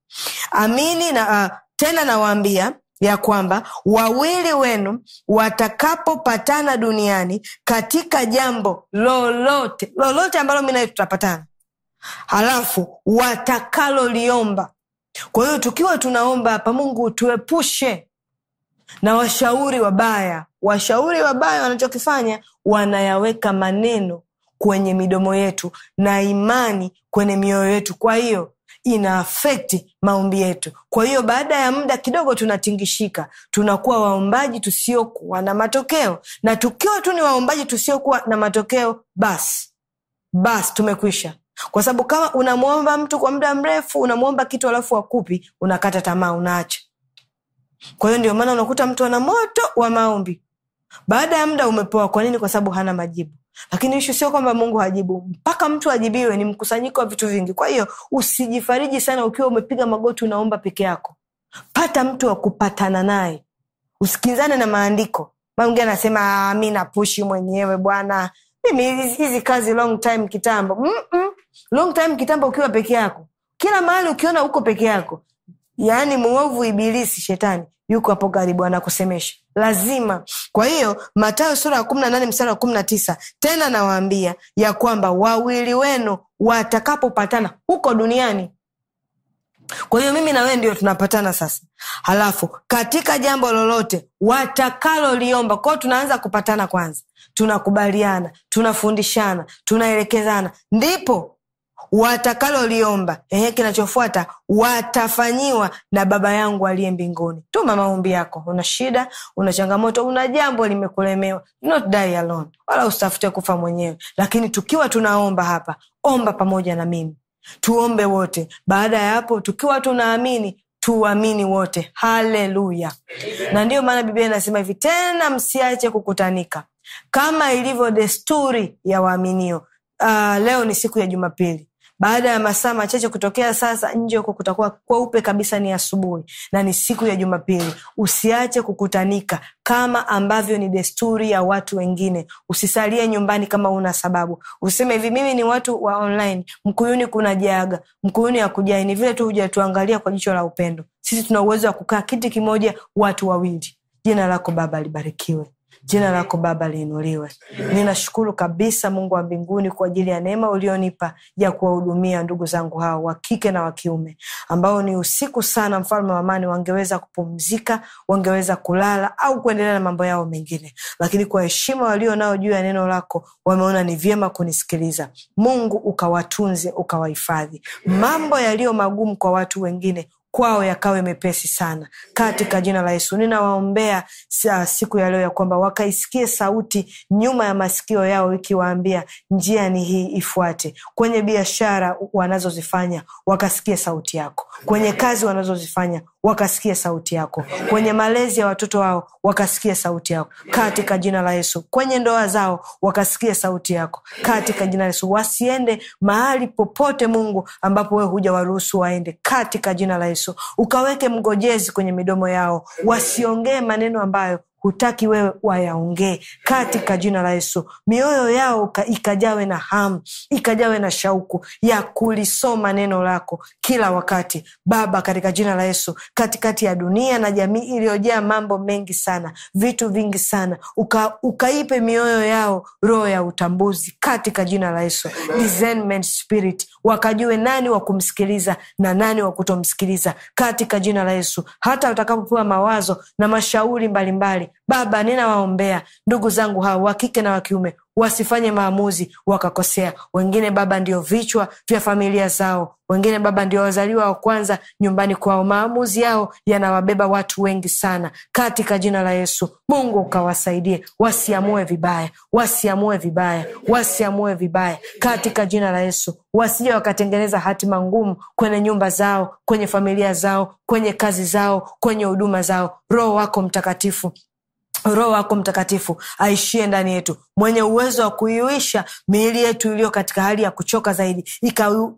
amini na uh, tena nawaambia ya kwamba wawili wenu watakapopatana duniani katika jambo lolote lolote ambalo mi naye tutapatana halafu watakaloliomba kwa hiyo tukiwa tunaomba hapa mungu tuepushe na washauri wabaya washauri wabaya wanachokifanya wanayaweka maneno kwenye midomo yetu na imani kwenye mioyo yetu kwa hiyo ina afekti maombi yetu kwa hiyo baada ya muda kidogo tunatingishika tunakuwa waombaji tusiokuwa na matokeo na tukiwa tu ni waombaji tusiokuwa na matokeo basi basi tumekwisha kwa sababu kama unamwomba mtu kwa muda mrefu unamwomba kitu alafu wakupi unakata tamaa unaacha kwa hiyo ndio maana unakuta mtu ana moto wa maombi, baada ya muda umepoa. Kwa nini? Kwa sababu hana majibu. Lakini ishu sio kwamba Mungu hajibu, mpaka mtu ajibiwe. Ni mkusanyiko wa vitu vingi. Kwa hiyo usijifariji sana ukiwa umepiga magoti unaomba peke yako. Pata mtu wa kupatana naye, usikinzane na maandiko. mangi anasema ah, mi napushi mwenyewe bwana, mimi hizi kazi long time kitambo. Mm -mm. Long time kitambo ukiwa peke yako, kila mahali ukiona uko peke yako yaani mwovu ibilisi shetani yuko hapo karibu anakusemesha lazima kwa hiyo matayo sura ya kumi na nane mstari wa kumi na tisa tena nawaambia ya kwamba wawili wenu watakapopatana huko duniani kwa hiyo mimi na wewe ndio tunapatana sasa halafu katika jambo lolote watakaloliomba kwao tunaanza kupatana kwanza tunakubaliana tunafundishana tunaelekezana ndipo watakaloliomba, kinachofuata watafanyiwa na Baba yangu aliye mbinguni. Tuma maombi yako. Una shida, una changamoto, una jambo limekulemewa, not die alone, wala usitafute kufa mwenyewe. Lakini tukiwa tunaomba hapa, omba pamoja na mimi, tuombe wote. Baada ya hapo, tukiwa tunaamini tuamini wote. Haleluya! Na ndiyo maana Biblia inasema hivi, tena msiache kukutanika kama ilivyo desturi ya waaminio. Uh, leo ni siku ya Jumapili. Baada ya masaa machache kutokea sasa, nje huko kutakuwa kweupe kabisa, ni asubuhi na ni siku ya Jumapili. Usiache kukutanika kama ambavyo ni desturi ya watu wengine. Usisalie nyumbani kama una sababu. Useme hivi, mimi ni watu wa online, Mkuyuni kuna jaga Mkuyuni akujai ni vile tu hujatuangalia kwa jicho la upendo. Sisi tuna uwezo wa kukaa kiti kimoja watu wawili. Jina lako Baba libarikiwe. Jina lako Baba liinuliwe. Ninashukuru kabisa Mungu wa mbinguni kwa ajili ya neema ulionipa ya kuwahudumia ndugu zangu hao wa kike na wa kiume, ambao ni usiku sana, mfalme wa amani, wangeweza kupumzika, wangeweza kulala au kuendelea na mambo yao mengine, lakini kwa heshima walio nao juu ya neno lako wameona ni vyema kunisikiliza. Mungu ukawatunze, ukawahifadhi. Mambo yaliyo magumu kwa watu wengine kwao yakawe mepesi sana katika jina la Yesu. Ninawaombea siku ya leo ya kwamba wakaisikie sauti nyuma ya masikio yao ikiwaambia njia ni hii, ifuate. Kwenye biashara wanazozifanya wakasikie sauti yako, kwenye kazi wanazozifanya wakasikia sauti yako, kwenye malezi ya watoto wao wakasikia sauti yako katika jina la Yesu, kwenye ndoa zao wakasikia sauti yako katika jina la Yesu. Wasiende mahali popote, Mungu, ambapo wewe huja waruhusu waende, katika jina la Yesu. Ukaweke mgojezi kwenye midomo yao, wasiongee maneno ambayo hutaki wewe wayaongee katika jina la yesu mioyo yao ikajawe na hamu ikajawe na shauku ya kulisoma neno lako kila wakati baba katika jina la yesu katikati ya dunia na jamii iliyojaa mambo mengi sana vitu vingi sana uka, ukaipe mioyo yao roho ya utambuzi katika jina la yesu Discernment spirit wakajue nani wa kumsikiliza na nani wa kutomsikiliza katika jina la yesu hata watakapopewa mawazo na mashauri mbalimbali mbali. Baba, ninawaombea ndugu zangu hawa wa kike na wa kiume, wasifanye maamuzi wakakosea. Wengine Baba ndio vichwa vya familia zao, wengine Baba ndio wazaliwa wa kwanza nyumbani kwao. Maamuzi yao yanawabeba watu wengi sana, katika jina la Yesu. Mungu ukawasaidie, wasiamue vibaya, wasiamue vibaya, wasiamue vibaya, katika jina la Yesu. Wasije wakatengeneza hatima ngumu kwenye nyumba zao, kwenye familia zao, kwenye kazi zao, kwenye huduma zao. Roho wako Mtakatifu roho wako mtakatifu aishie ndani yetu mwenye uwezo wa kuiwisha miili yetu iliyo katika hali ya kuchoka zaidi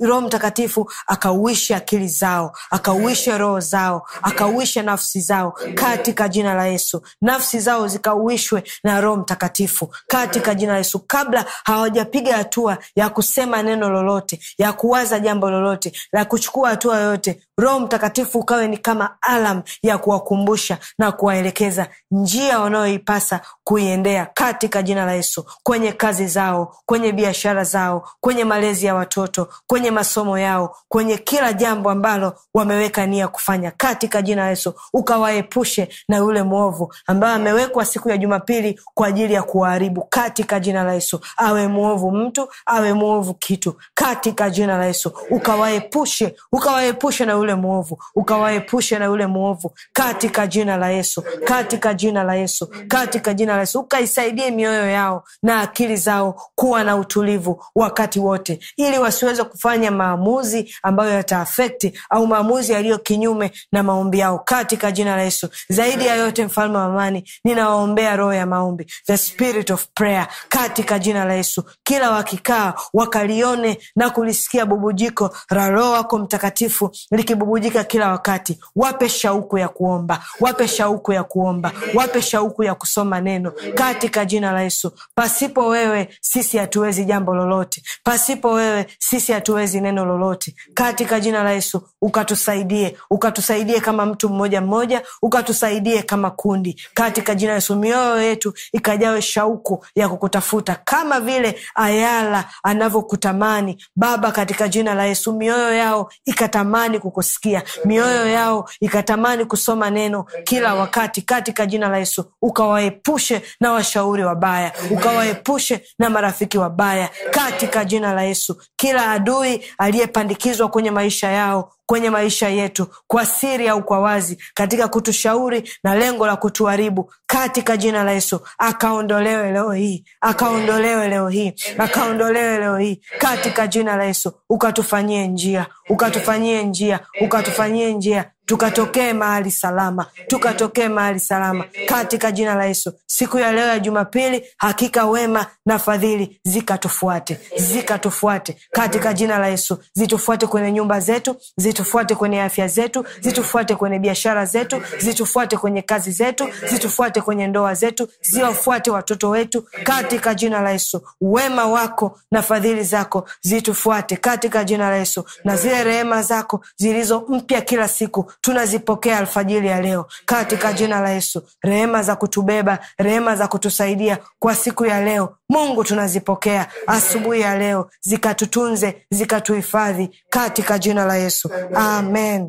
roho mtakatifu akauishe akili zao akauishe roho zao akauishe nafsi zao katika jina la yesu nafsi zao zikauishwe na roho mtakatifu katika jina la yesu kabla hawajapiga hatua ya kusema neno lolote ya kuwaza jambo lolote la kuchukua hatua yoyote roho mtakatifu ukawe ni kama alam ya kuwakumbusha na kuwaelekeza njia wana wanayoipasa kuiendea katika jina la Yesu, kwenye kazi zao, kwenye biashara zao, kwenye malezi ya watoto, kwenye masomo yao, kwenye kila jambo ambalo wameweka nia kufanya, katika jina la Yesu ukawaepushe na yule mwovu ambaye amewekwa siku ya Jumapili kwa ajili ya kuwaharibu, katika jina la Yesu. Awe mwovu mtu, awe mwovu kitu, katika jina la Yesu ukawaepushe, ukawaepushe na yule mwovu, ukawaepushe na yule mwovu, katika jina la Yesu, katika jina la Yesu. Yesu, katika jina la Yesu, ukaisaidie mioyo yao na akili zao kuwa na utulivu wakati wote, ili wasiweze kufanya maamuzi ambayo yataafekti au maamuzi yaliyo kinyume na maombi yao, katika jina la Yesu. Zaidi ya yote, mfalme wa amani, ninawaombea roho ya maombi, the spirit of prayer, katika jina la Yesu, kila wakikaa wakalione na kulisikia bubujiko la Roho wako Mtakatifu likibubujika kila wakati. Wape shauku ya kuomba, wape shauku ya kuomba, wape shauku shauku ya kusoma neno katika jina la Yesu. Pasipo wewe sisi hatuwezi jambo lolote, pasipo wewe sisi hatuwezi neno lolote, katika jina la Yesu. Ukatusaidie, ukatusaidie kama mtu mmoja mmoja, ukatusaidie kama kundi, katika jina la Yesu. Mioyo yetu ikajawe shauku ya kukutafuta kama vile ayala anavyokutamani Baba, katika jina la Yesu. Mioyo yao ikatamani kukusikia, mioyo yao ikatamani kusoma neno kila wakati, katika jina la Yesu ukawaepushe na washauri wabaya ukawaepushe na marafiki wabaya katika jina la yesu kila adui aliyepandikizwa kwenye maisha yao kwenye maisha yetu kwa siri au kwa wazi katika kutushauri na lengo la kutuharibu katika jina la yesu akaondolewe leo hii akaondolewe leo hii akaondolewe leo hii katika jina la yesu ukatufanyie njia ukatufanyie njia ukatufanyie njia tukatokee mahali salama, tukatokee mahali salama katika jina la Yesu. Siku ya leo ya Jumapili, hakika wema na fadhili zikatufuate, zikatufuate katika jina la Yesu, zitufuate kwenye nyumba zetu, zitufuate kwenye afya zetu, zitufuate kwenye biashara zetu, zitufuate kwenye kazi zetu, zitufuate kwenye ndoa zetu, ziwafuate watoto wetu katika jina la Yesu. Wema wako na fadhili zako zitufuate katika jina la Yesu, na zile rehema zako zilizo mpya kila siku tunazipokea alfajiri ya leo katika jina la Yesu. Rehema za kutubeba, rehema za kutusaidia kwa siku ya leo Mungu, tunazipokea asubuhi ya leo, zikatutunze, zikatuhifadhi katika jina la Yesu, amen.